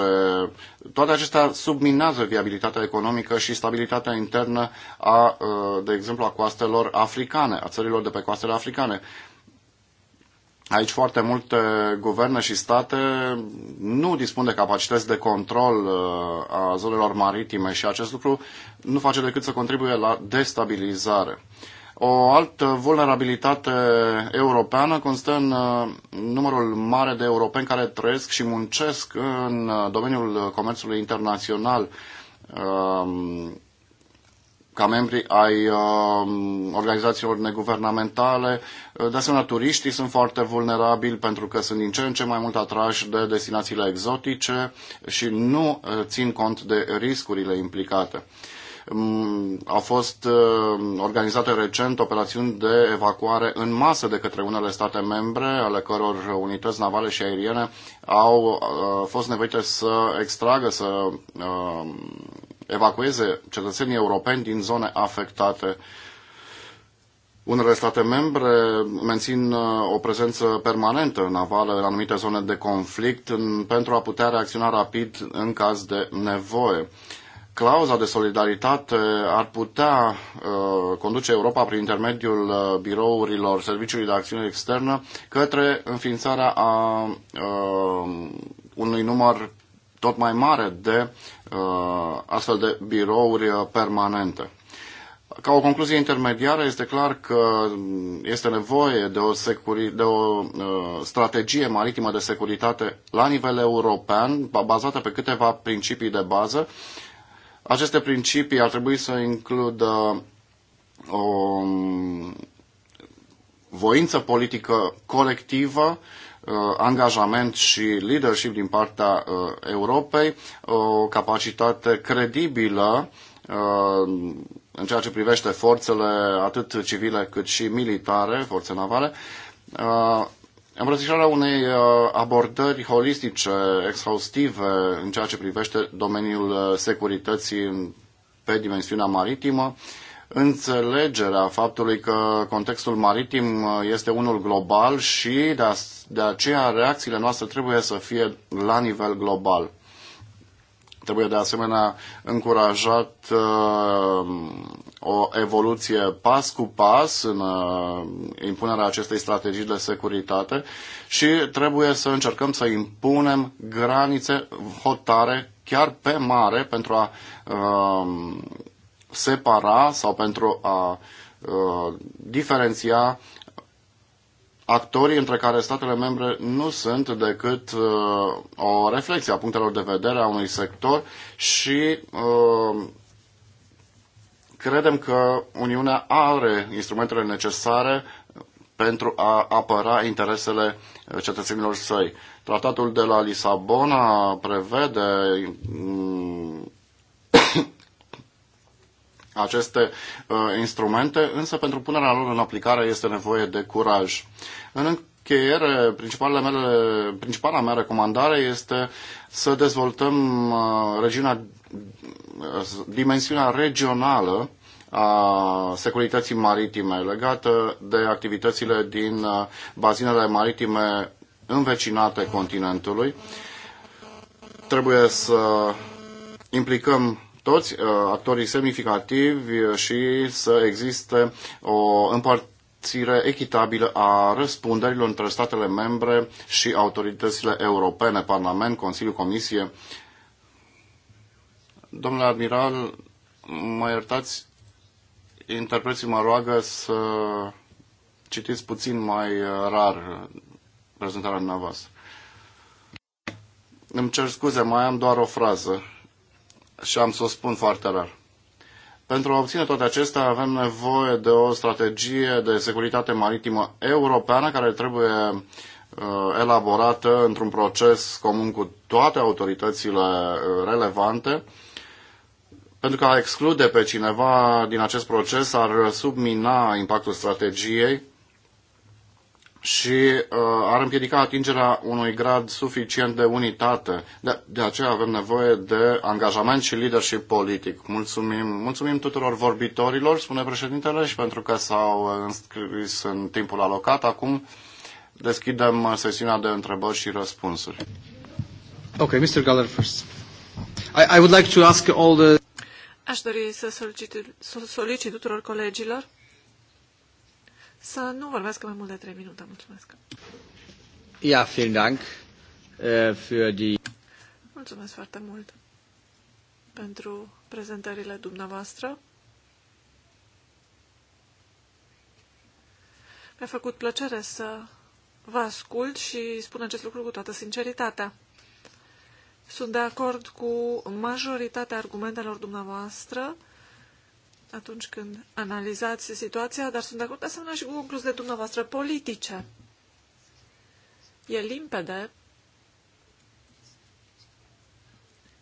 toate acestea subminează viabilitatea economică și stabilitatea internă a, uh, de exemplu, a coastelor africane, a țărilor de pe coastele africane. Aici foarte multe guverne și state nu dispun de capacități de control uh, a zonelor maritime și acest lucru nu face decât să contribuie la destabilizare. O altă vulnerabilitate europeană constă în uh, numărul mare de europeni care trăiesc și muncesc în uh, domeniul comerțului internațional. Um, ca membri ai uh, organizațiilor neguvernamentale. De asemenea, turiștii sunt foarte vulnerabili pentru că sunt din ce în ce mai mult atrași de destinațiile exotice și nu uh, țin cont de riscurile implicate. Mm, au fost uh, organizate recent operațiuni de evacuare în masă de către unele state membre, ale căror unități navale și aeriene au uh, fost nevoite să extragă, să evacueze cetățenii europeni din zone afectate. Unele state membre mențin uh, o prezență permanentă navală în anumite zone de conflict pentru a putea reacționa rapid în caz de nevoie clauza de solidaritate ar putea uh, conduce Europa prin intermediul uh, birourilor Serviciului de Acțiune Externă către înființarea a uh, unui număr tot mai mare de Uh, astfel de birouri uh, permanente. Ca o concluzie intermediară, este clar că este nevoie de o, securi, de o uh, strategie maritimă de securitate la nivel european, bazată pe câteva principii de bază. Aceste principii ar trebui să includă o um, voință politică colectivă uh, Uh, angajament și leadership din partea uh, Europei, o capacitate credibilă uh, în ceea ce privește forțele atât civile cât și militare, forțe navale, îmbrățișarea unei abordări holistice, exhaustive în ceea ce privește domeniul securității pe dimensiunea maritimă, înțelegerea faptului că contextul maritim uh, este unul global și de aceea reacțiile noastre trebuie să fie la nivel global. Trebuie de asemenea încurajat uh, o evoluție pas cu pas în uh, impunerea acestei strategii de securitate și trebuie să încercăm să impunem granițe, hotare, chiar pe mare, pentru a separa sau pentru a uh, diferenția actorii între care statele membre nu sunt decât uh, o reflexie a punctelor de vedere a unui sector și uh, credem că Uniunea are instrumentele necesare pentru a apăra interesele cetățenilor săi. Tratatul de la Lisabona prevede mm, aceste uh, instrumente, însă pentru punerea lor în aplicare este nevoie de curaj. În încheiere, principala, mele, principala mea recomandare este să dezvoltăm uh, regiunea, uh, dimensiunea regională a securității maritime legată de activitățile din uh, bazinele maritime învecinate continentului. Trebuie să implicăm toți uh, actorii semnificativi uh, și să existe o împărtășire echitabilă a răspunderilor între statele membre și autoritățile europene, Parlament, Consiliu, Comisie. Domnule Admiral, mă iertați, interpreții mă roagă să citiți puțin mai uh, rar prezentarea dumneavoastră. Îmi cer scuze, mai am doar o frază și am să o spun foarte rar. Pentru a obține toate acestea avem nevoie de o strategie de securitate maritimă europeană care trebuie uh, elaborată într-un proces comun cu toate autoritățile uh, relevante, pentru că a exclude pe cineva din acest proces ar submina impactul strategiei și uh, ar împiedica atingerea unui grad suficient de unitate. De, de aceea avem nevoie de angajament și leadership politic. Mulțumim, mulțumim tuturor vorbitorilor, spune președintele, și pentru că s-au înscris în timpul alocat. Acum deschidem sesiunea de întrebări și răspunsuri. Ok, Mr. Galler first. I, I would like to ask all the... Aș dori să solicit, să solicit tuturor colegilor să nu vorbească mai mult de 3 minute. Mulțumesc. Ja, vielen Dank äh, für die... Mulțumesc foarte mult pentru prezentările dumneavoastră. Mi-a făcut plăcere să vă ascult și spun acest lucru cu toată sinceritatea. Sunt de acord cu majoritatea argumentelor dumneavoastră atunci când analizați situația, dar sunt de acord asemenea și cu concluziile dumneavoastră politice. E limpede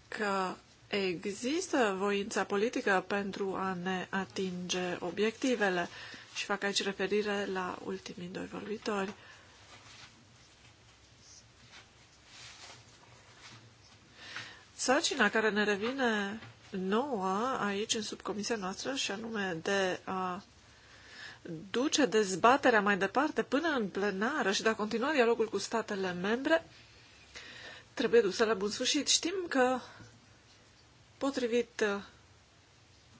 că există voința politică pentru a ne atinge obiectivele și fac aici referire la ultimii doi vorbitori. Sarcina care ne revine nouă aici, în subcomisia noastră, și anume de a duce dezbaterea mai departe până în plenară și de a continua dialogul cu statele membre, trebuie dusă la bun sfârșit. Știm că, potrivit uh,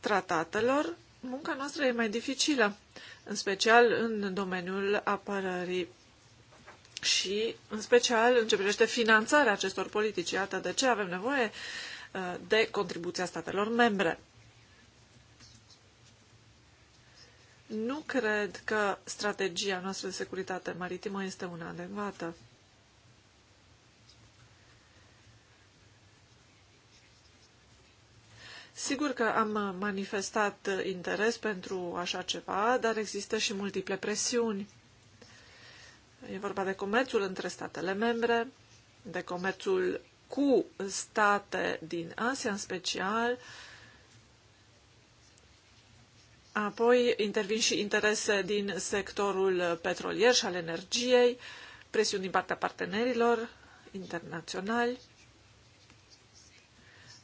tratatelor, munca noastră e mai dificilă, în special în domeniul apărării și, în special, în ce privește finanțarea acestor politici. Iată de ce avem nevoie Uh, de contribuția statelor membre. Nu cred că strategia noastră de securitate maritimă este una adecvată. Sigur că am manifestat interes pentru așa ceva, dar există și multiple presiuni. E vorba de comerțul între statele membre, de comerțul cu state din Asia în special. Apoi intervin și interese din sectorul petrolier și al energiei, presiuni din partea partenerilor internaționali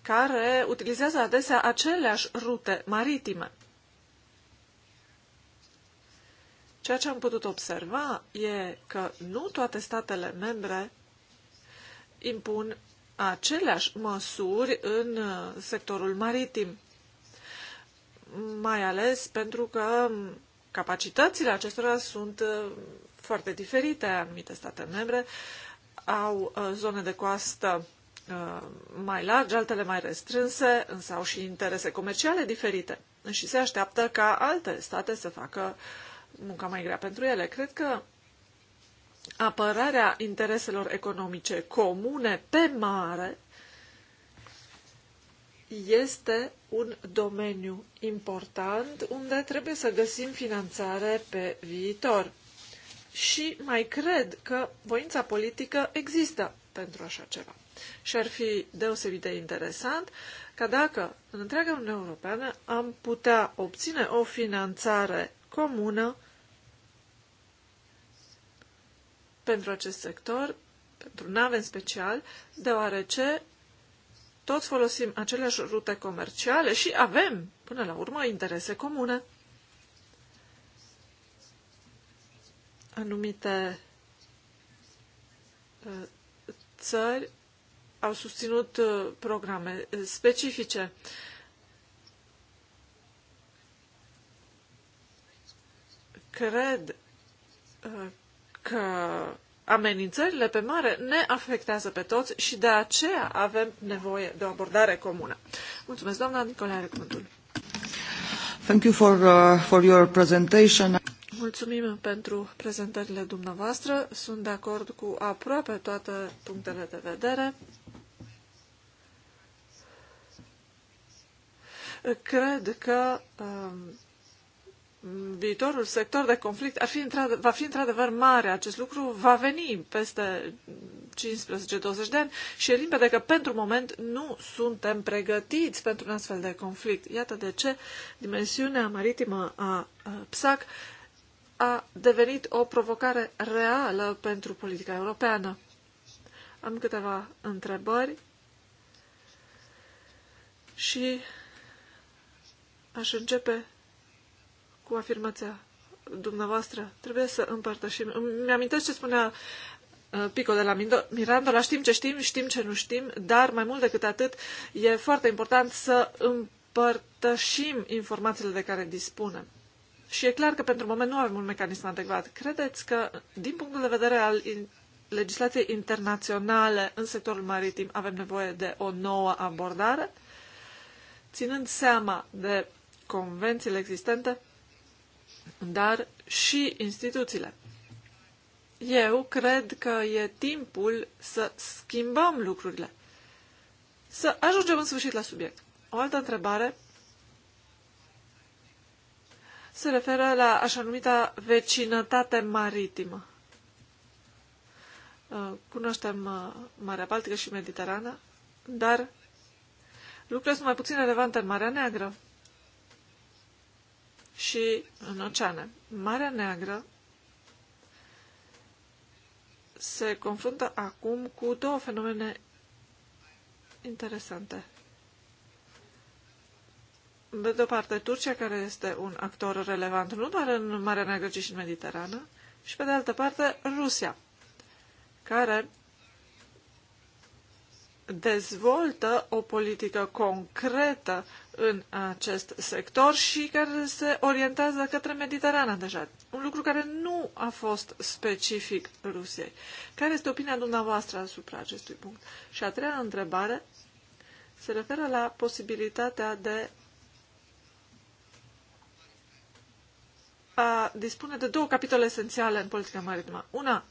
care utilizează adesea aceleași rute maritime. Ceea ce am putut observa e că nu toate statele membre impun aceleași măsuri în uh, sectorul maritim. Mai ales pentru că capacitățile acestora sunt uh, foarte diferite. Anumite state membre au uh, zone de coastă mai largi, altele mai restrânse, însă au și interese comerciale diferite și se așteaptă ca alte state să facă munca mai grea pentru ele. Cred că apărarea intereselor economice comune pe mare este un domeniu important unde trebuie să găsim finanțare pe viitor. Și mai cred că voința politică există pentru așa ceva. Și ar fi deosebit de interesant ca dacă în întreaga Uniune Europeană am putea obține o finanțare comună pentru acest sector, pentru nave în special, deoarece toți folosim aceleași rute comerciale și avem, până la urmă, interese comune. Anumite uh, țări au susținut uh, programe uh, specifice. Cred că amenințările pe mare ne afectează pe toți și de aceea avem nevoie de o abordare comună. Mulțumesc, doamna Nicolae cuvântul. Thank you for, uh, for your presentation. Mulțumim pentru prezentările dumneavoastră. Sunt de acord cu aproape toate punctele de vedere. Cred că uh, viitorul sector de conflict ar fi intrat va fi într-adevăr mare. Acest lucru va veni peste 15-20 de ani și e limpede că pentru moment nu suntem pregătiți pentru un astfel de conflict. Iată de ce dimensiunea maritimă a PSAC a devenit o provocare reală pentru politica europeană. Am câteva întrebări și aș începe cu afirmația dumneavoastră. Trebuie să împărtășim. Îmi amintesc ce spunea uh, Pico de la la Știm ce știm, știm ce nu știm, dar mai mult decât atât e foarte important să împărtășim informațiile de care dispunem. Și e clar că pentru moment nu avem un mecanism adecvat. Credeți că, din punctul de vedere al legislației internaționale în sectorul maritim, avem nevoie de o nouă abordare? Ținând seama de convențiile existente, dar și instituțiile. Eu cred că e timpul să schimbăm lucrurile. Să ajungem în sfârșit la subiect. O altă întrebare se referă la așa numita vecinătate maritimă. Uh, cunoaștem uh, Marea Baltică și Mediterana, dar lucrurile sunt mai puțin relevante în Marea Neagră și în oceane. Marea Neagră se confruntă acum cu două fenomene interesante. De, de o parte, Turcia, care este un actor relevant nu doar în Marea Neagră, ci și în Mediterană, și pe de altă parte, Rusia, care dezvoltă o politică concretă în acest sector și care se orientează către Mediterana deja. Un lucru care nu a fost specific Rusiei. Care este opinia dumneavoastră asupra acestui punct? Și a treia întrebare se referă la posibilitatea de a dispune de două capitole esențiale în politica maritimă. Una,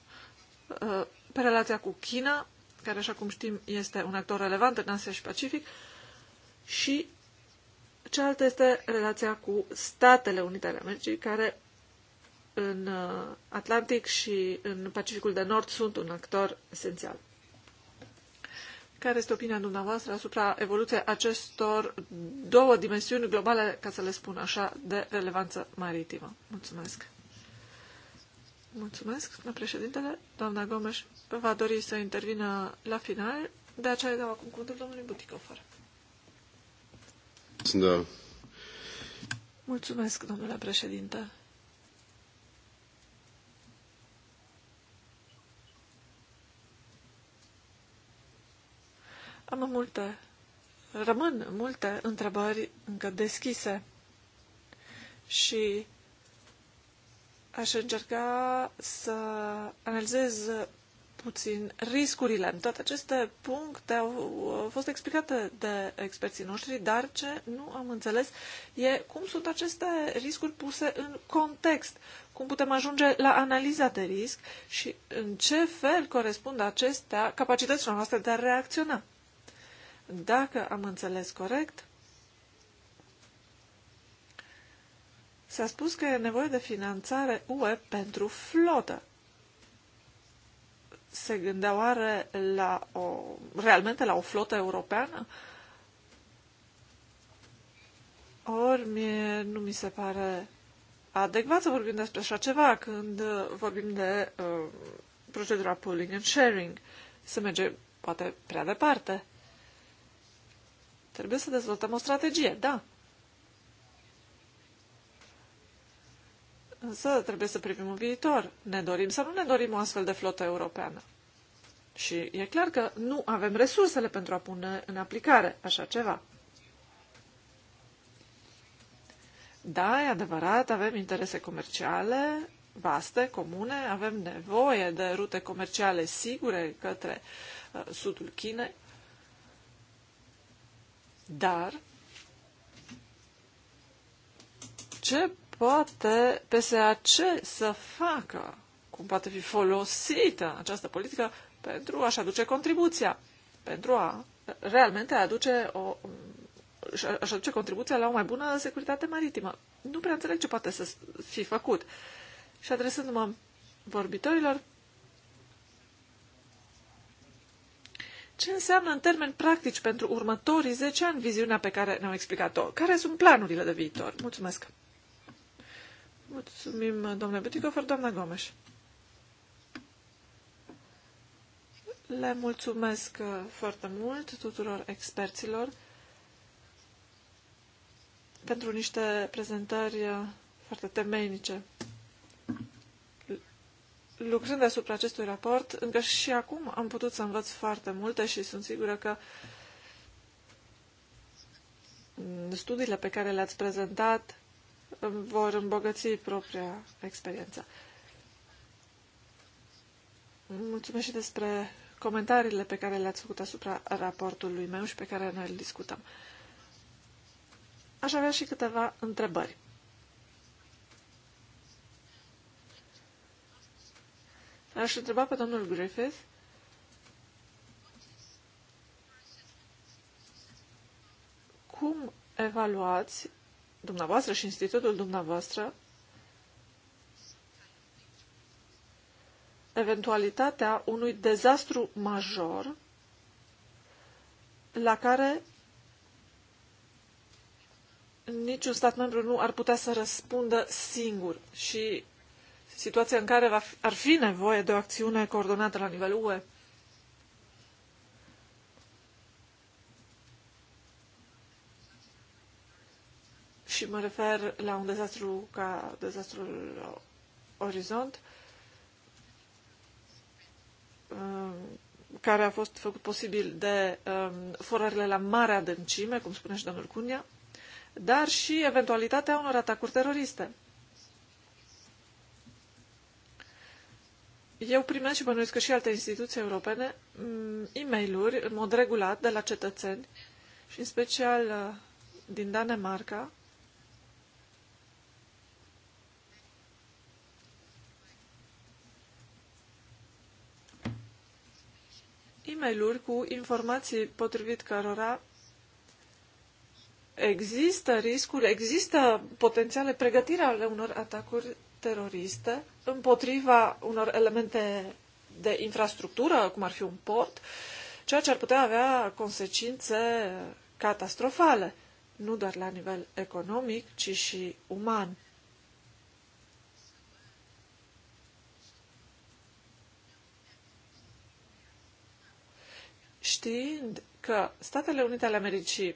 uh, pe relația cu China care, așa cum știm, este un actor relevant în Asia și Pacific, și cealaltă este relația cu Statele Unite ale Americii, care în uh, Atlantic și în Pacificul de Nord sunt un actor esențial. Care este opinia dumneavoastră asupra evoluției acestor două dimensiuni globale, ca să le spun așa, de relevanță maritimă? Mulțumesc! Mulțumesc, doamna președintele. Doamna Gomes va dori să intervină la final, de aceea dau acum cuvântul domnului Buticofer. Da. Mulțumesc, domnule președinte. Am multe, rămân multe întrebări încă deschise și aș încerca să analizez puțin riscurile. Toate aceste puncte au fost explicate de experții noștri, dar ce nu am înțeles e cum sunt aceste riscuri puse în context, cum putem ajunge la analiza de risc și în ce fel corespund acestea capacităților noastre de a reacționa. Dacă am înțeles corect, S-a spus că e nevoie de finanțare UE pentru flotă. Se gândea oare la o, realmente la o flotă europeană? Ori mie nu mi se pare adecvat să vorbim despre așa ceva când vorbim de uh, procedura pooling and sharing. Se merge poate prea departe. Trebuie să dezvoltăm o strategie, da, Însă trebuie să privim în viitor. Ne dorim sau nu ne dorim o astfel de flotă europeană? Și e clar că nu avem resursele pentru a pune în aplicare așa ceva. Da, e adevărat, avem interese comerciale vaste, comune, avem nevoie de rute comerciale sigure către uh, sudul Chinei, dar ce poate PSAC să facă, cum poate fi folosită această politică pentru a-și aduce contribuția, pentru a realmente aduce o, și aduce contribuția la o mai bună securitate maritimă. Nu prea înțeleg ce poate să fi făcut. Și adresându-mă vorbitorilor, ce înseamnă în termeni practici pentru următorii 10 ani viziunea pe care ne-au explicat-o? Care sunt planurile de viitor? Mulțumesc! Mulțumim, domnule Buticofer, doamna Gomes. Le mulțumesc uh, foarte mult tuturor experților pentru niște prezentări uh, foarte temeinice. Lucrând asupra acestui raport, încă și acum am putut să învăț foarte multe și sunt sigură că studiile pe care le-ați prezentat vor îmbogăți propria experiență. Mulțumesc și despre comentariile pe care le-ați făcut asupra raportului meu și pe care noi îl discutăm. Aș avea și câteva întrebări. Aș întreba pe domnul Griffith cum evaluați dumneavoastră și institutul dumneavoastră eventualitatea unui dezastru major la care niciun stat membru nu ar putea să răspundă singur și situația în care va fi, ar fi nevoie de o acțiune coordonată la nivelul UE. și mă refer la un dezastru ca dezastrul Orizont, um, care a fost făcut posibil de um, forările la mare adâncime, cum spune și domnul Cunia, dar și eventualitatea unor atacuri teroriste. Eu primesc și bănuiesc că și alte instituții europene mm, e mail în mod regulat de la cetățeni și în special uh, din Danemarca, e mail cu informații potrivit cărora există riscuri, există potențiale pregătire ale unor atacuri teroriste împotriva unor elemente de infrastructură, cum ar fi un port, ceea ce ar putea avea consecințe catastrofale, nu doar la nivel economic, ci și uman. știind că Statele Unite ale Americii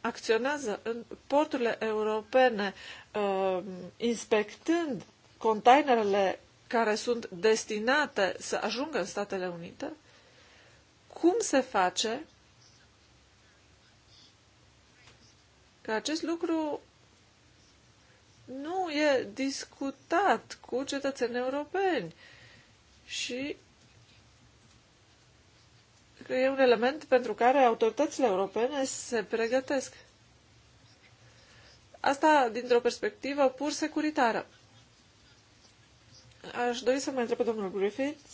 acționează în porturile europene, um, inspectând containerele care sunt destinate să ajungă în Statele Unite, cum se face că acest lucru nu e discutat cu cetățenii europeni și e un element pentru care autoritățile europene se pregătesc. Asta dintr-o perspectivă pur securitară. Aș dori să mai întreb pe domnul Griffiths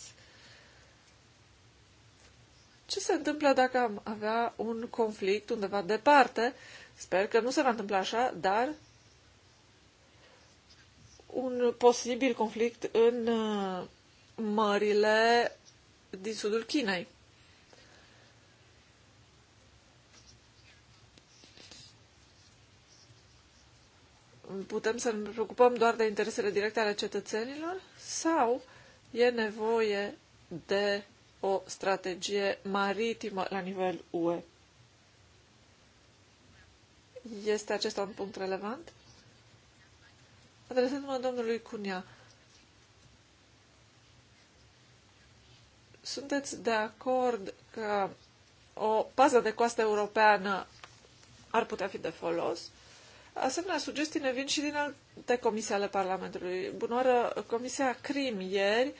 ce se întâmplă dacă am avea un conflict undeva departe. Sper că nu se va întâmpla așa, dar un posibil conflict în uh, mările din sudul Chinei. putem să ne preocupăm doar de interesele directe ale cetățenilor sau e nevoie de o strategie maritimă la nivel UE? Este acesta un punct relevant? Adresându-mă domnului Cunia, sunteți de acord că o pază de coastă europeană ar putea fi de folos? Asemenea, sugestii ne vin și din alte comisii ale Parlamentului. Bunoară, Comisia CRIM ieri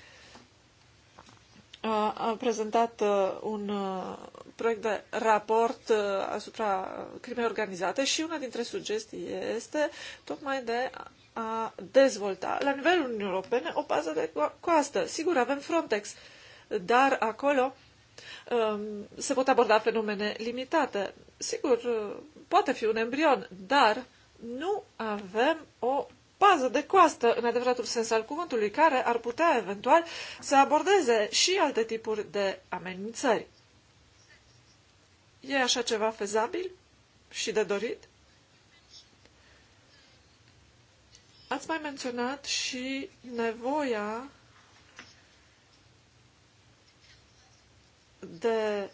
a prezentat uh, un uh, proiect de raport uh, asupra crimei organizate și una dintre sugestii este tocmai de a dezvolta la nivelul Uniunii Europene o bază de coastă. Sigur, avem Frontex, dar acolo um, se pot aborda fenomene limitate. Sigur, poate fi un embrion, dar nu avem o bază de coastă, în adevăratul sens al cuvântului, care ar putea eventual să abordeze și alte tipuri de amenințări. E așa ceva fezabil și de dorit? Ați mai menționat și nevoia de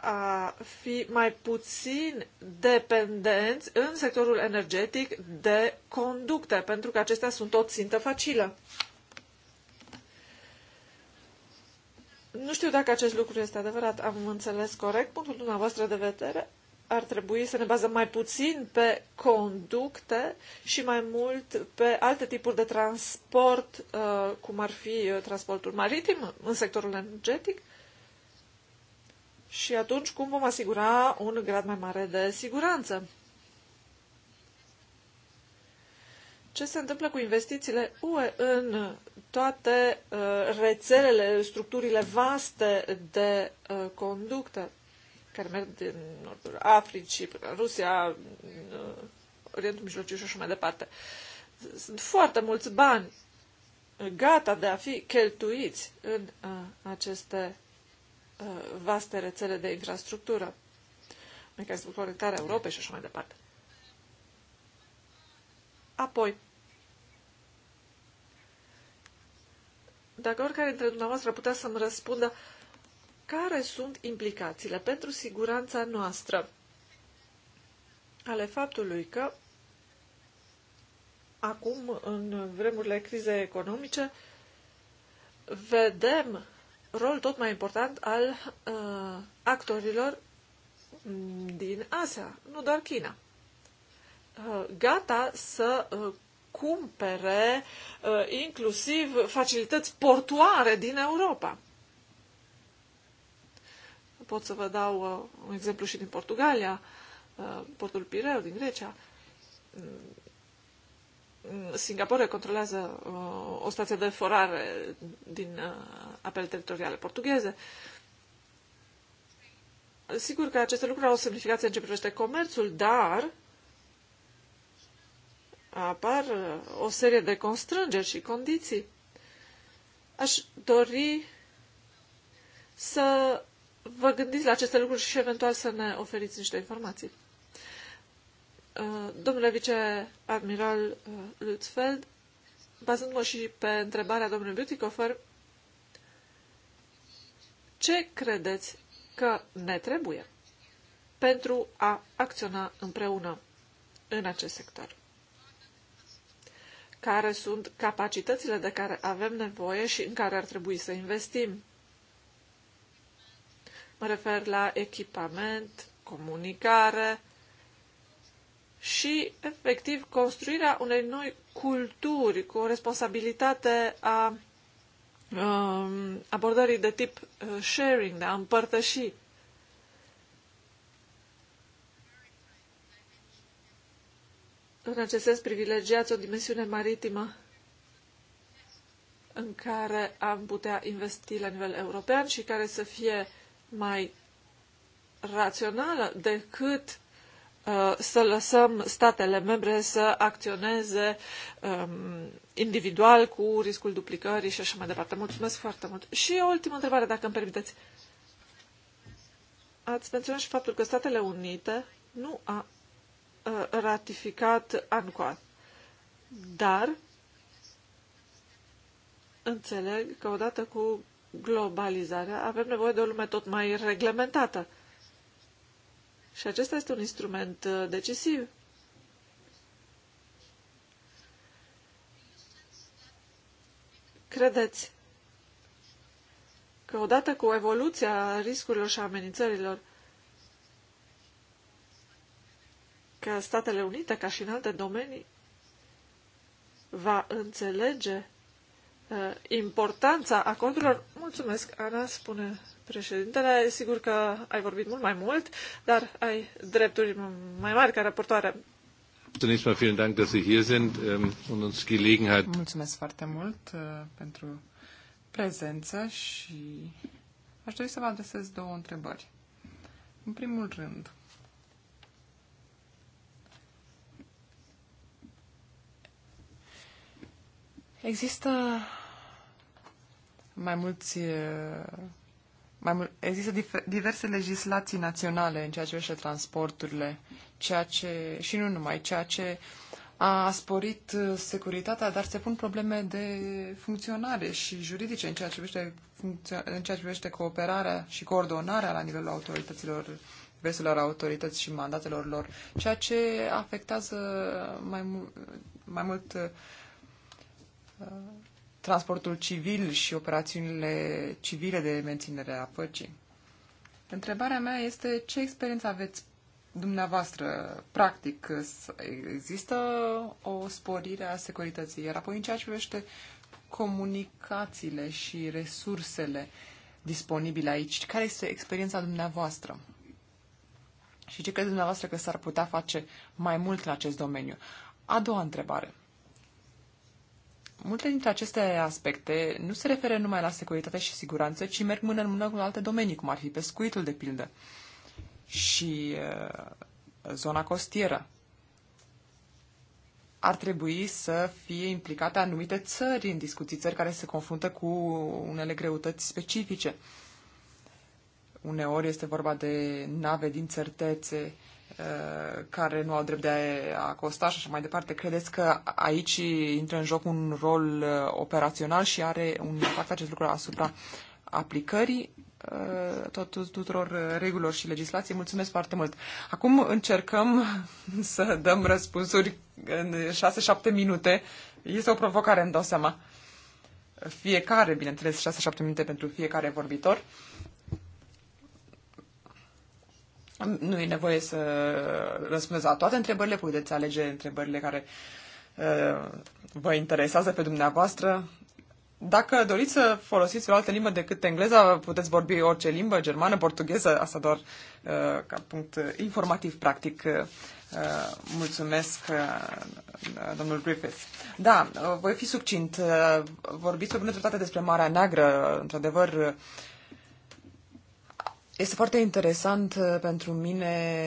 a fi mai puțin dependenți în sectorul energetic de conducte, pentru că acestea sunt o țintă facilă. Nu știu dacă acest lucru este adevărat. Am înțeles corect punctul dumneavoastră de vedere. Ar trebui să ne bazăm mai puțin pe conducte și mai mult pe alte tipuri de transport, uh, cum ar fi uh, transportul maritim în sectorul energetic. Și atunci, cum vom asigura un grad mai mare de siguranță? Ce se întâmplă cu investițiile UE în toate uh, rețelele, structurile vaste de uh, conductă care merg din Nordul Africii, Rusia, uh, Orientul Mijlociu și așa mai departe? Sunt foarte mulți bani gata de a fi cheltuiți în uh, aceste Uh, vaste rețele de infrastructură, mecanismul conectarea Europei și așa mai departe. Apoi, dacă oricare dintre dumneavoastră putea să-mi răspundă care sunt implicațiile pentru siguranța noastră ale faptului că acum, în vremurile crize economice, vedem rol tot mai important al uh, actorilor din Asia, nu doar China. Uh, gata să uh, cumpere uh, inclusiv facilități portoare din Europa. Pot să vă dau uh, un exemplu și din Portugalia, uh, portul Pireu din Grecia. Mm, Singapore controlează uh, o stație de forare din uh, apele teritoriale portugheze. Sigur că aceste lucruri au o semnificație în ce privește comerțul, dar apar uh, o serie de constrângeri și condiții. Aș dori să vă gândiți la aceste lucruri și eventual să ne oferiți niște informații. Uh, domnule viceadmiral uh, Lutzfeld, bazându-mă și pe întrebarea domnului Butikofer, ce credeți că ne trebuie pentru a acționa împreună în acest sector? Care sunt capacitățile de care avem nevoie și în care ar trebui să investim? Mă refer la echipament, comunicare, și, efectiv, construirea unei noi culturi cu o responsabilitate a um, abordării de tip uh, sharing, de a împărtăși. În acest sens, privilegiați o dimensiune maritimă în care am putea investi la nivel european și care să fie mai rațională decât Uh, să lăsăm statele membre să acționeze um, individual cu riscul duplicării și așa mai departe. Mulțumesc foarte mult. Și o ultimă întrebare, dacă îmi permiteți. Ați menționat și faptul că Statele Unite nu a uh, ratificat ancoat, dar înțeleg că odată cu globalizarea avem nevoie de o lume tot mai reglementată. Și acesta este un instrument uh, decisiv. Credeți că odată cu evoluția riscurilor și amenințărilor, că Statele Unite, ca și în alte domenii, va înțelege uh, importanța acordurilor. Mulțumesc, Ana, spune Președintele, sigur că ai vorbit mult mai mult, dar ai drepturi mai mari ca raportoare. Ähm, Mulțumesc foarte mult uh, pentru prezență și aș dori să vă adresez două întrebări. În primul rând, există mai mulți uh, mai mult, există diverse legislații naționale în ceea ce privește transporturile, ceea ce, și nu numai, ceea ce a sporit uh, securitatea, dar se pun probleme de funcționare și juridice în ceea ce privește, în ceea ce privește cooperarea și coordonarea la nivelul autorităților veselor, autorități și mandatelor lor, ceea ce afectează mai, mu- mai mult uh, transportul civil și operațiunile civile de menținere a păcii. Întrebarea mea este ce experiență aveți dumneavoastră, practic, există o sporire a securității, iar apoi în ceea ce privește comunicațiile și resursele disponibile aici, care este experiența dumneavoastră? Și ce credeți dumneavoastră că s-ar putea face mai mult în acest domeniu? A doua întrebare multe dintre aceste aspecte nu se referă numai la securitate și siguranță, ci merg mână în mână cu alte domenii, cum ar fi pescuitul, de pildă, și uh, zona costieră. Ar trebui să fie implicate anumite țări în discuții, țări care se confruntă cu unele greutăți specifice. Uneori este vorba de nave din țărtețe, Uh, care nu au drept de a costa și așa mai departe, credeți că aici intră în joc un rol uh, operațional și are un impact acest lucru asupra aplicării uh, tot, tuturor regulilor și legislației. Mulțumesc foarte mult. Acum încercăm să dăm răspunsuri în 6-7 minute. Este o provocare, îmi dau seama. Fiecare, bineînțeles, 6-7 minute pentru fiecare vorbitor. Nu e nevoie să răspundeți la toate întrebările, puteți alege întrebările care uh, vă interesează pe dumneavoastră. Dacă doriți să folosiți o altă limbă decât engleza, puteți vorbi orice limbă, germană, portugheză, asta doar uh, ca punct informativ, practic. Uh, mulțumesc, domnul Griffith. Da, voi fi succint. Vorbiți o bună despre Marea Neagră. Într-adevăr, este foarte interesant uh, pentru mine,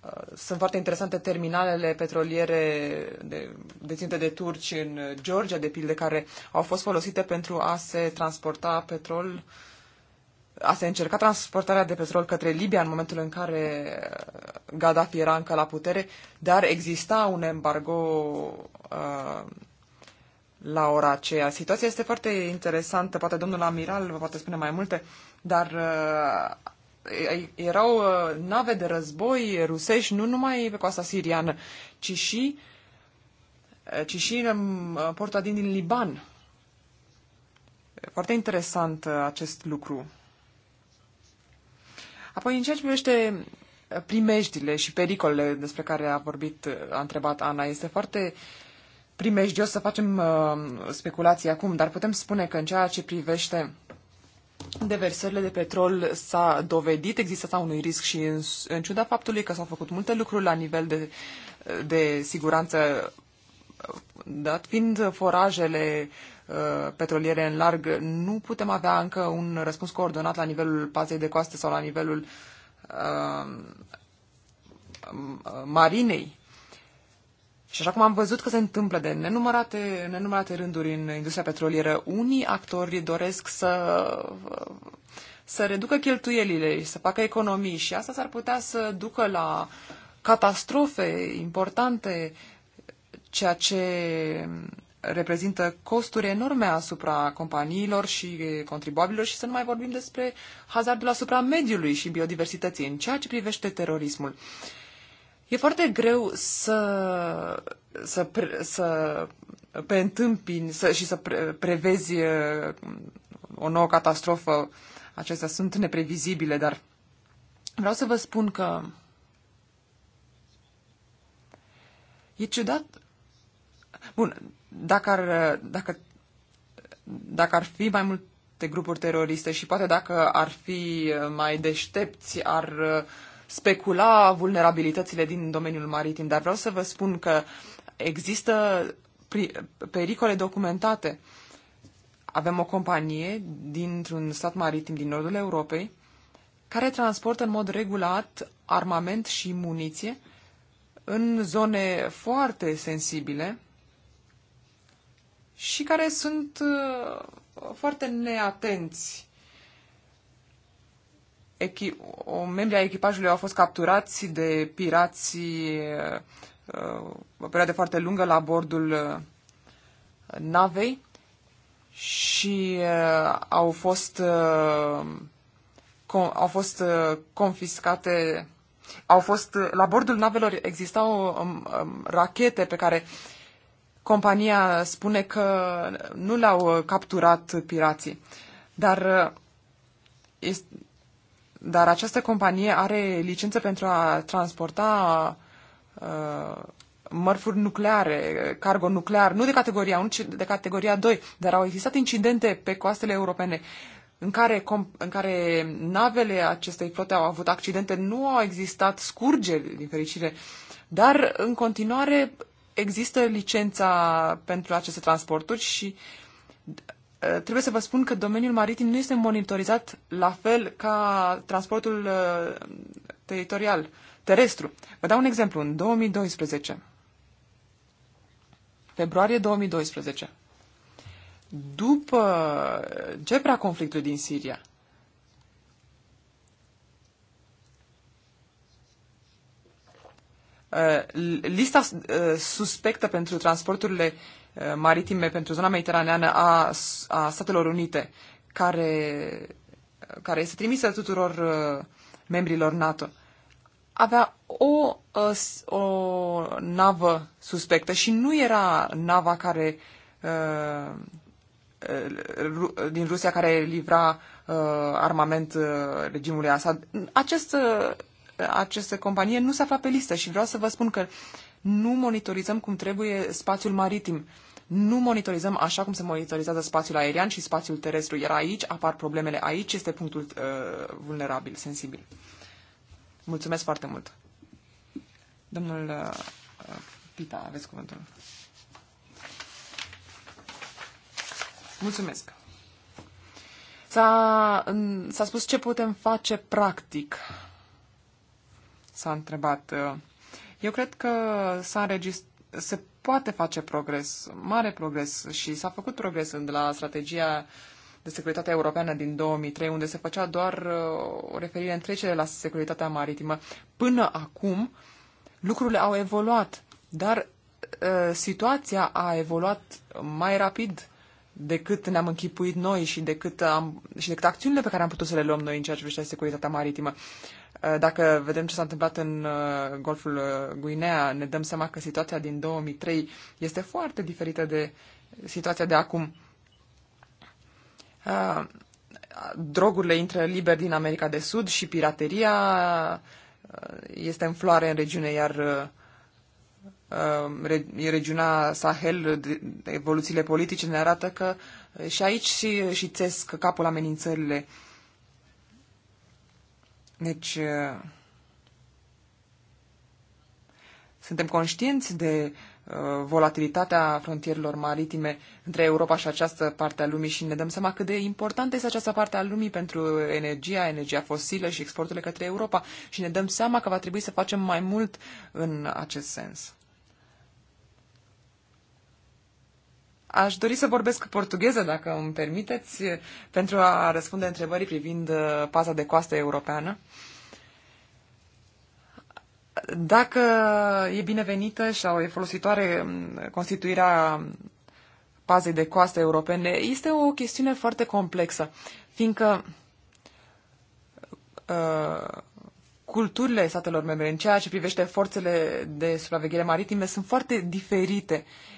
uh, sunt foarte interesante terminalele petroliere de, deținute de turci în Georgia, de pildă, care au fost folosite pentru a se transporta petrol, a se încerca transportarea de petrol către Libia în momentul în care uh, Gaddafi era încă la putere, dar exista un embargo uh, la ora aceea. Situația este foarte interesantă, poate domnul Amiral vă poate spune mai multe, dar uh, erau uh, nave de război rusești nu numai pe coasta siriană, ci și, uh, ci și în portul din, din Liban. Foarte interesant acest lucru. Apoi, în ceea ce privește primejdile și pericolele despre care a vorbit, a întrebat Ana, este foarte uh, primejdios să facem uh, speculații acum, dar putem spune că în ceea ce privește deversările de petrol s-a dovedit existența unui risc și în, în ciuda faptului că s-au făcut multe lucruri la nivel de, de siguranță, dat fiind forajele uh, petroliere în larg, nu putem avea încă un răspuns coordonat la nivelul pazei de coastă sau la nivelul uh, marinei și așa cum am văzut că se întâmplă de nenumărate, nenumărate rânduri în industria petrolieră, unii actori doresc să, să reducă cheltuielile și să facă economii și asta s-ar putea să ducă la catastrofe importante, ceea ce reprezintă costuri enorme asupra companiilor și contribuabililor și să nu mai vorbim despre hazardul asupra mediului și biodiversității în ceea ce privește terorismul. Uh, E foarte greu să, să, pre, să întâmpini să, și să pre, prevezi uh, o nouă catastrofă. Acestea sunt neprevizibile, dar vreau să vă spun că e ciudat. Bun, dacă ar, dacă, dacă ar fi mai multe grupuri teroriste și poate dacă ar fi mai deștepți, ar uh, specula vulnerabilitățile din domeniul maritim, dar vreau să vă spun că există pericole documentate. Avem o companie dintr-un stat maritim din nordul Europei care transportă în mod regulat armament și muniție în zone foarte sensibile și care sunt uh, foarte neatenți echi, o membri a echipajului au fost capturați de pirații uh, o perioadă foarte lungă la bordul uh, navei și uh, au fost uh, com, au fost uh, confiscate au fost uh, la bordul navelor existau um, um, rachete pe care compania spune că nu le-au capturat pirații dar uh, este, dar această companie are licență pentru a transporta uh, mărfuri nucleare, cargo nuclear, nu de categoria 1, ci de categoria 2. Dar au existat incidente pe coastele europene în care, în care navele acestei flote au avut accidente, nu au existat scurgeri, din fericire, dar în continuare există licența pentru aceste transporturi și Eh, trebuie să vă spun că domeniul maritim nu este monitorizat la fel ca transportul eh, teritorial, terestru. Vă dau un exemplu. În 2012, februarie 2012, după începerea conflictului din Siria, eh, lista suspectă pentru transporturile Uh, maritime pentru zona mediteraneană a, a Statelor Unite, care, care este trimisă tuturor uh, membrilor NATO, avea o, uh, o navă suspectă și nu era nava care uh, uh din Rusia care livra uh, armament uh, regimului Assad. Această, uh, această companie nu se afla pe listă și vreau să vă spun că uh, nu monitorizăm cum trebuie spațiul maritim. Nu monitorizăm așa cum se monitorizează spațiul aerian și spațiul terestru, iar aici apar problemele. Aici este punctul uh, vulnerabil, sensibil. Mulțumesc foarte mult. Domnul uh, uh Pita, aveți cuvântul. Mulțumesc. S-a, s-a spus ce putem face practic. S-a întrebat uh, eu cred că s-a înregistrat se poate face progres, mare progres și s-a făcut progres de la strategia de securitate europeană din 2003, unde se făcea doar uh, o referire în trecere la securitatea maritimă. Până acum, lucrurile au evoluat, dar uh, situația a evoluat mai rapid decât ne-am închipuit noi și decât, am, și decât acțiunile pe care am putut să le luăm noi în ceea ce privește securitatea maritimă. Eh, dacă vedem ce s-a întâmplat în eh, Golful eh, Guinea, ne dăm seama că situația din 2003 este foarte diferită de situația de acum. Drogurile intră liber din America de Sud și pirateria este în floare în regiune, iar regiunea Sahel, evoluțiile politice ne arată că și aici și, și țesc capul amenințările uh, deci, uh, suntem conștienți de uh, volatilitatea frontierilor maritime între Europa și această parte a lumii și ne dăm seama cât de importantă este această parte a lumii pentru energia, energia fosilă și exporturile către Europa și ne dăm seama că va trebui să facem mai mult în acest sens. Aș dori să vorbesc portugheză, dacă îmi permiteți, pentru a răspunde întrebării privind uh, paza de coastă europeană. Dacă e binevenită sau e folositoare um, constituirea pazei de coastă europene, este o chestiune foarte complexă, fiindcă uh, culturile statelor membre în ceea ce privește forțele de supraveghere maritime sunt foarte diferite. Uh,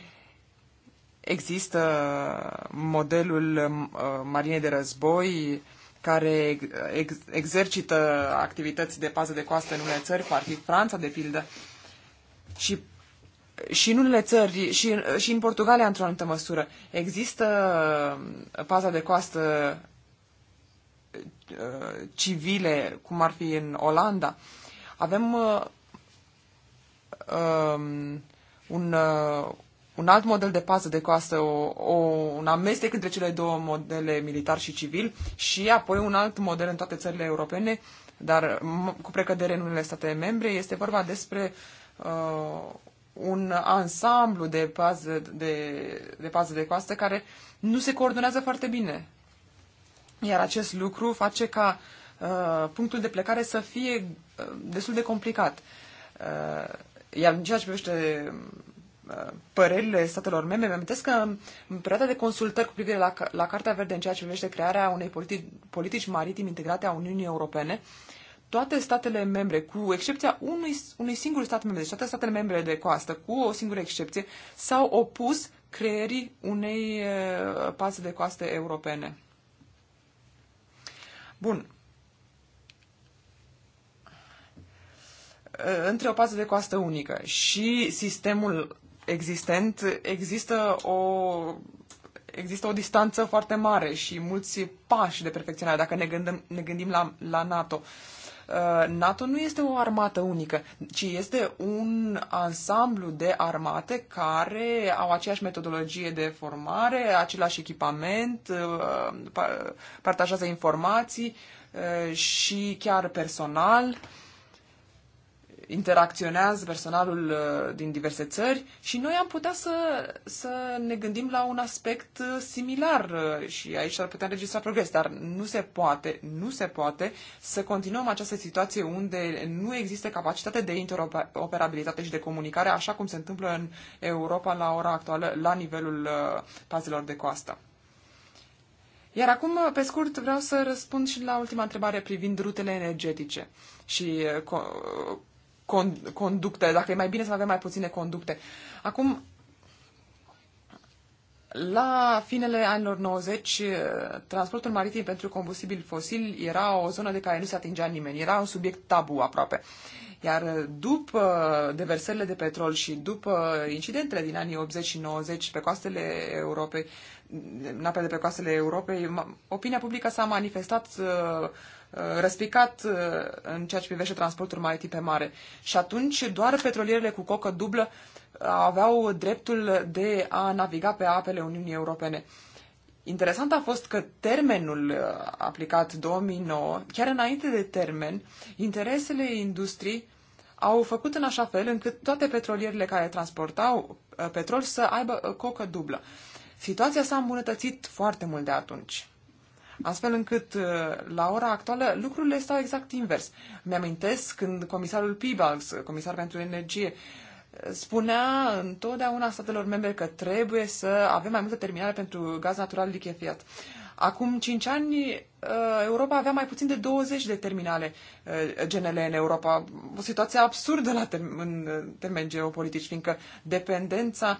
Există modelul uh, marinei de război care ex- exercită activități de pază de coastă în unele țări, cum ar fi Franța, de pildă, și și în unele țări, și, și în Portugalia, într-o anumită măsură, există uh, paza de coastă uh, civile, cum ar fi în Olanda. Avem um, un, un alt model de pază de coastă, o, o, un amestec între cele două modele militar și civil și apoi un alt model în toate țările europene, dar cu precădere în unele state membre. Este vorba despre uh, un ansamblu de pază de, de pază de coastă care nu se coordonează foarte bine. Iar acest lucru face ca uh, punctul de plecare să fie uh, destul de complicat. Uh, iar în ceea ce privește părerile statelor membre. Mi amintesc că în perioada de consultări cu privire la, la Cartea Verde în ceea ce privește crearea unei politici, politici maritime integrate a Uniunii Europene, toate statele membre, cu excepția unui, unui singur stat membru, deci toate statele membre de coastă, cu o singură excepție, s-au opus creierii unei uh, pase de coaste europene. Bun. Uh, între o pază de coastă unică și sistemul existent, există o, există o distanță foarte mare și mulți pași de perfecționare, dacă ne gândim, ne gândim la, la NATO. Uh, NATO nu este o armată unică, ci este un ansamblu de armate care au aceeași metodologie de formare, același echipament, uh, partajează informații uh, și chiar personal interacționează personalul uh, din diverse țări și noi am putea să, să ne gândim la un aspect uh, similar uh, și aici ar putea registra progres, dar nu se poate, nu se poate să continuăm această situație unde nu există capacitate de interoperabilitate și de comunicare, așa cum se întâmplă în Europa la ora actuală, la nivelul pazilor de coastă. Iar acum, pe scurt, vreau să răspund și la ultima întrebare privind rutele energetice. Și con- conducte, dacă e mai bine să avem mai puține conducte. Acum, la finele anilor 90, eh, transportul maritim pentru combustibil fosil era o zonă de care nu se atingea nimeni, era un subiect tabu aproape. Iar eh, după eh, deversările de petrol și după incidentele din anii 80 și 90 pe coastele Europei, în de pe coastele Europei, opinia publică s-a manifestat Uh, răspicat uh, în ceea ce privește transportul maritim pe mare. Și atunci doar petrolierele cu cocă dublă uh, aveau dreptul de a naviga pe apele Uniunii Europene. Interesant a fost că termenul aplicat 2009, chiar înainte de termen, interesele industriei au făcut în așa fel încât toate petrolierele care transportau petrol să aibă cocă dublă. Situația s-a îmbunătățit foarte mult de atunci astfel încât uh, la ora actuală lucrurile stau exact invers. Mi-amintesc când comisarul Peebles, uh, comisar pentru energie, uh, spunea întotdeauna statelor membre că trebuie să avem mai multă terminale pentru gaz natural lichefiat. Uh, Acum 5 ani uh, Europa avea mai puțin de 20 de terminale uh, GNL în Europa. O situație absurdă la term- în uh, termeni geopolitici, fiindcă dependența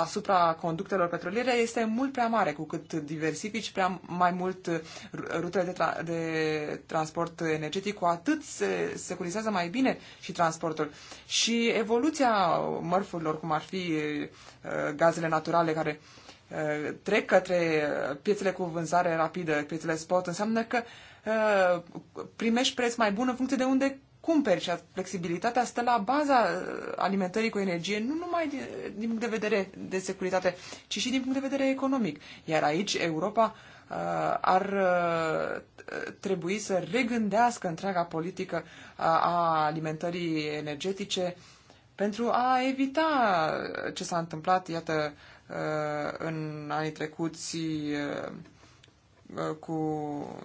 asupra conductelor petroliere este mult prea mare, cu cât diversifici prea mai mult rutele de, tra- de transport energetic, cu atât se securizează mai bine și transportul. Și evoluția mărfurilor, cum ar fi gazele naturale care uh, Uh, trec către uh, piețele cu vânzare rapidă, piețele spot, înseamnă că uh, primești preț mai bun în funcție de unde cumperi și flexibilitatea stă la baza alimentării cu energie, nu numai din, punct de vedere de securitate, ci și din punct de vedere economic. Iar aici Europa ar trebui să regândească întreaga politică a, alimentării energetice pentru a evita ce s-a întâmplat, iată, Uh, în anii trecuți uh, uh, cu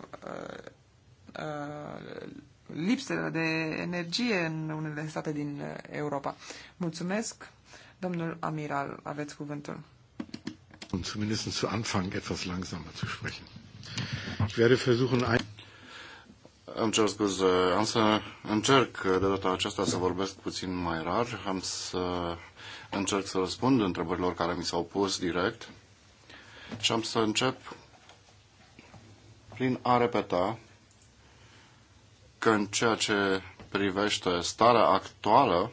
lipsele de energie în unele state din Europa. Mulțumesc, domnul Amiral, aveți cuvântul. Um zumindest zu Anfang etwas langsamer zu sprechen. Ich werde versuchen, ein îmi cer scuze, am să încerc de data aceasta să vorbesc puțin mai rar, am să încerc să răspund întrebărilor care mi s-au pus direct și am să încep prin a repeta că în ceea ce privește starea actuală,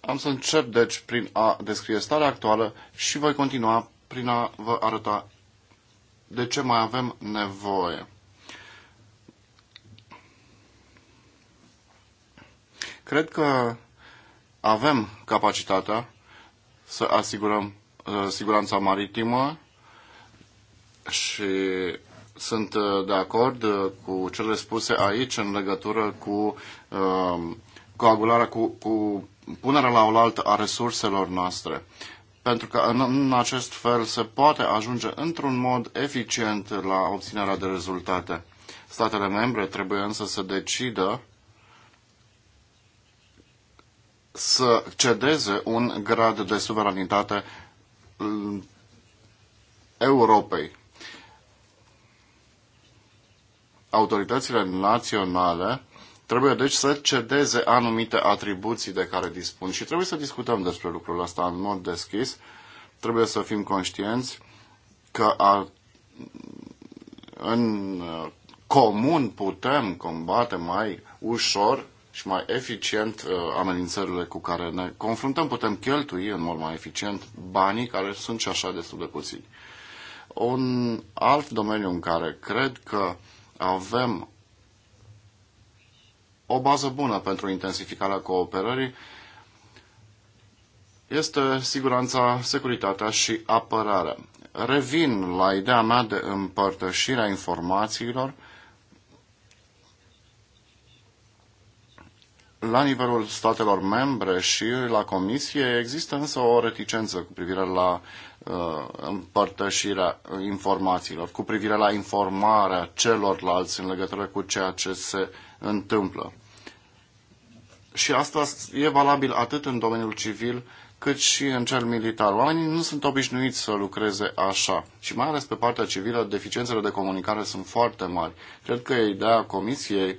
am să încep deci prin a descrie starea actuală și voi continua prin a vă arăta de ce mai avem nevoie. Cred că avem capacitatea să asigurăm uh, siguranța maritimă și sunt uh, de acord uh, cu cele spuse aici în legătură cu coagularea, cu, cu punerea la oaltă a resurselor noastre. Pentru că în, în acest fel se poate ajunge într-un mod eficient la obținerea de rezultate. Statele membre trebuie însă să decidă să cedeze un grad de suveranitate mm, Europei. Autoritățile naționale trebuie deci să cedeze anumite atribuții de care dispun și trebuie să discutăm despre lucrul ăsta în mod deschis. Trebuie să fim conștienți că ar, în uh, comun putem combate mai ușor și mai eficient uh, amenințările cu care ne confruntăm. Putem cheltui în mod mai eficient banii care sunt și așa destul de puțini. Un alt domeniu în care cred că avem o bază bună pentru intensificarea cooperării este siguranța, securitatea și apărarea. Revin la ideea mea de împărtășirea informațiilor La nivelul statelor membre și la Comisie există însă o reticență cu privire la uh, împărtășirea informațiilor, cu privire la informarea celorlalți în legătură cu ceea ce se întâmplă. Și asta e valabil atât în domeniul civil cât și în cel militar. Oamenii nu sunt obișnuiți să lucreze așa. Și mai ales pe partea civilă, deficiențele de comunicare sunt foarte mari. Cred că ideea Comisiei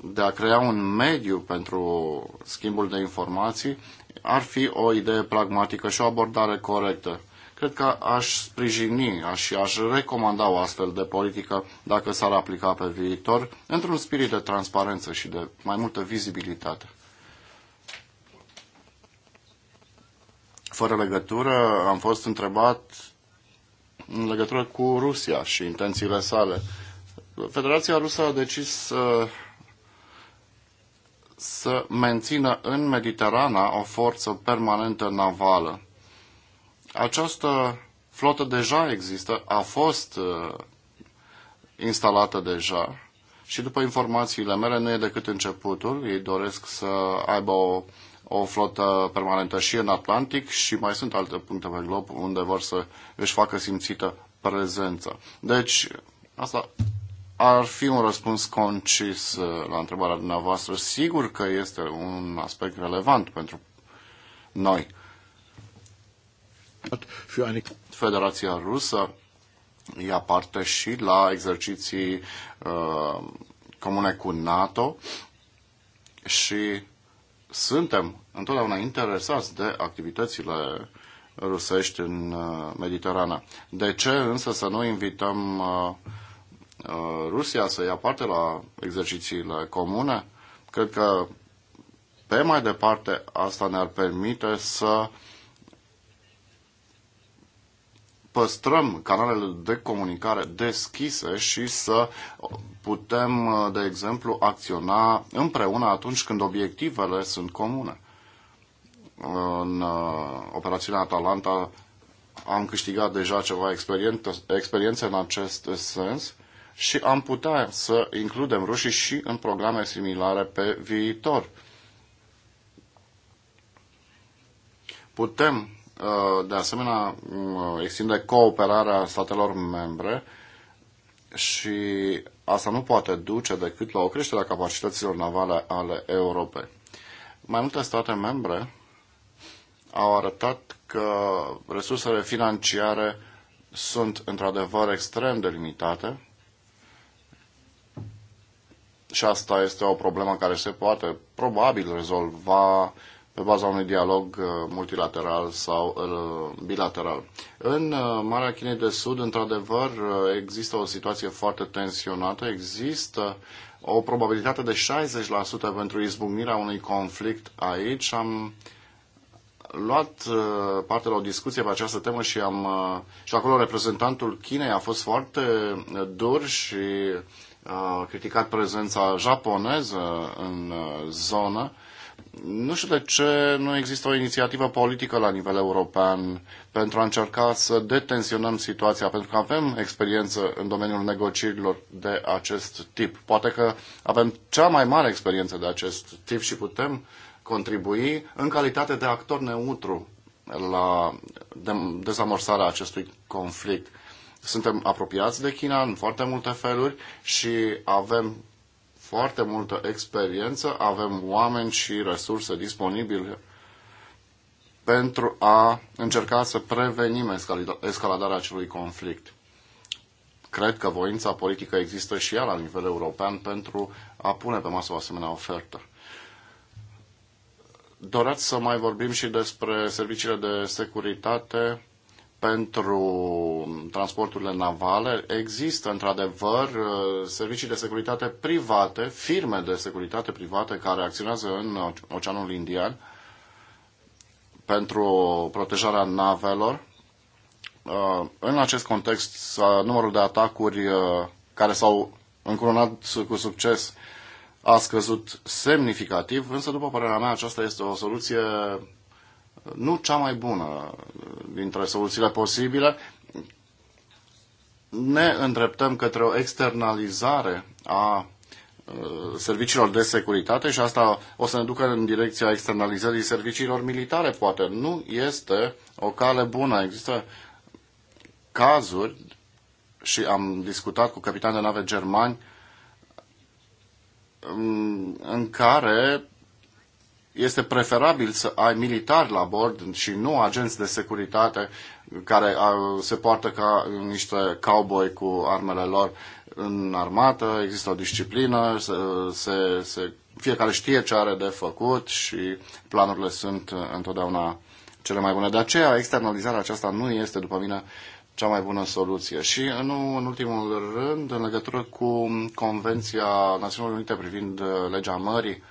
de a crea un mediu pentru schimbul de informații ar fi o idee pragmatică și o abordare corectă. Cred că aș sprijini și aș recomanda o astfel de politică dacă s-ar aplica pe viitor, într-un spirit de transparență și de mai multă vizibilitate. Fără legătură, am fost întrebat în legătură cu Rusia și intențiile sale. Federația Rusă a decis să să mențină în Mediterana o forță permanentă navală. Această flotă deja există, a fost uh, instalată deja și după informațiile mele nu e decât începutul. Ei doresc să aibă o, o flotă permanentă și în Atlantic și mai sunt alte puncte pe glob unde vor să își facă simțită prezența. Deci, asta ar fi un răspuns concis uh, la întrebarea dumneavoastră. Sigur că este un aspect relevant pentru noi. Federația Rusă ia parte și la exerciții uh, comune cu NATO și suntem întotdeauna interesați de activitățile rusești în uh, Mediterana. De ce însă să nu invităm uh, Uh, Rusia să ia parte la exercițiile comune, cred că pe mai departe asta ne-ar permite să păstrăm canalele de comunicare deschise și să putem, uh, de exemplu, acționa împreună atunci când obiectivele sunt comune. În uh, operațiunea Atalanta am câștigat deja ceva experiență, experiențe în acest sens și am putea să includem rușii și în programe similare pe viitor. Putem, uh, de asemenea, mm, uh, extinde cooperarea statelor membre și asta nu poate duce decât la o creștere a capacităților navale ale Europei. Mai multe state membre au arătat că resursele financiare sunt într-adevăr extrem de limitate și asta este o problemă care se poate probabil rezolva pe baza unui dialog uh, multilateral sau uh, bilateral. În uh, Marea Chinei de Sud, într-adevăr, există o situație foarte tensionată, există o probabilitate de 60% pentru izbucnirea unui conflict aici. Am luat parte la o discuție pe această temă și, am, și acolo reprezentantul Chinei a fost foarte dur și criticat prezența japoneză în uh, zonă. Nu știu de ce nu există o inițiativă politică la nivel european pentru a încerca să detensionăm situația, pentru că avem experiență în domeniul negocierilor de acest tip. Poate că avem cea mai mare experiență de acest tip și putem contribui în calitate de actor neutru la dezamorsarea acestui conflict suntem apropiați de China în foarte multe feluri și avem foarte multă experiență, avem oameni și resurse disponibile pentru a încerca să prevenim escaladarea acelui conflict. Cred că voința politică există și ea la nivel european pentru a pune pe masă o asemenea ofertă. Doreați să mai vorbim și despre serviciile de securitate pentru transporturile navale, există într-adevăr uh, servicii de securitate private, firme de securitate private care acționează în Oceanul Indian pentru protejarea navelor. Uh, în acest context, numărul de atacuri uh, care s-au încurunat cu succes a scăzut semnificativ, însă, după părerea mea, aceasta este o soluție nu cea mai bună dintre soluțiile posibile, ne îndreptăm către o externalizare a uh, serviciilor de securitate și asta o să ne ducă în direcția externalizării serviciilor militare, poate. Nu este o cale bună. Există cazuri și am discutat cu capitan de nave germani în care este preferabil să ai militari la bord și nu agenți de securitate care se poartă ca niște cowboy cu armele lor în armată, există o disciplină, se, se, se, fiecare știe ce are de făcut și planurile sunt întotdeauna cele mai bune. De aceea, externalizarea aceasta nu este, după mine, cea mai bună soluție. Și, în, în ultimul rând, în legătură cu Convenția Națiunilor Unite privind uh, legea mării,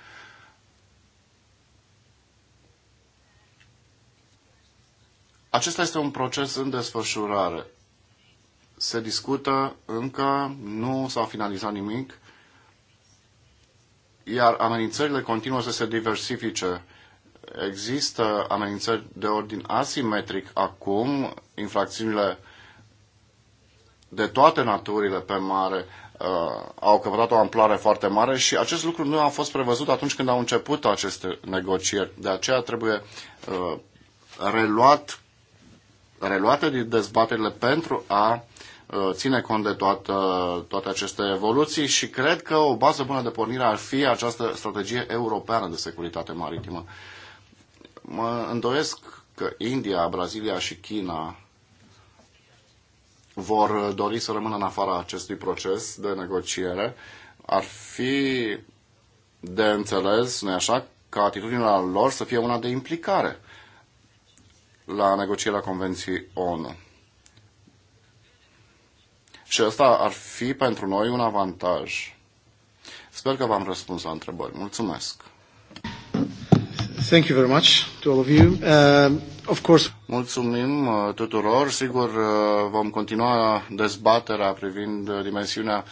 Acesta este un proces în desfășurare. Se discută încă, nu s-a finalizat nimic, iar amenințările continuă să se diversifice. Există amenințări de ordin asimetric acum, infracțiunile de toate naturile pe mare uh, au căpătat o amploare foarte mare și acest lucru nu a fost prevăzut atunci când au început aceste negocieri. De aceea trebuie uh, reluat reluate din dezbaterile pentru a uh, ține cont de toată, toate aceste evoluții și cred că o bază bună de pornire ar fi această strategie europeană de securitate maritimă. Mă îndoiesc că India, Brazilia și China vor dori să rămână în afara acestui proces de negociere. Ar fi de înțeles, nu-i așa, ca atitudinea lor să fie una de implicare la negocierea Convenției ONU. Și asta ar fi pentru noi un avantaj. Sper că v-am răspuns la întrebări. Mulțumesc. Thank you very much to all of you. Uh, of course. Mulțumim uh, tuturor. Sigur, uh, vom continua dezbaterea privind uh, dimensiunea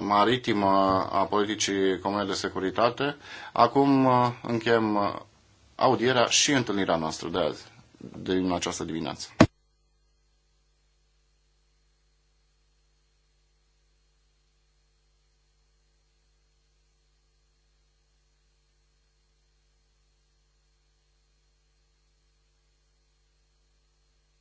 maritimă a politicii comune de securitate. Acum încheiem audierea și întâlnirea noastră de azi de în această dimineață.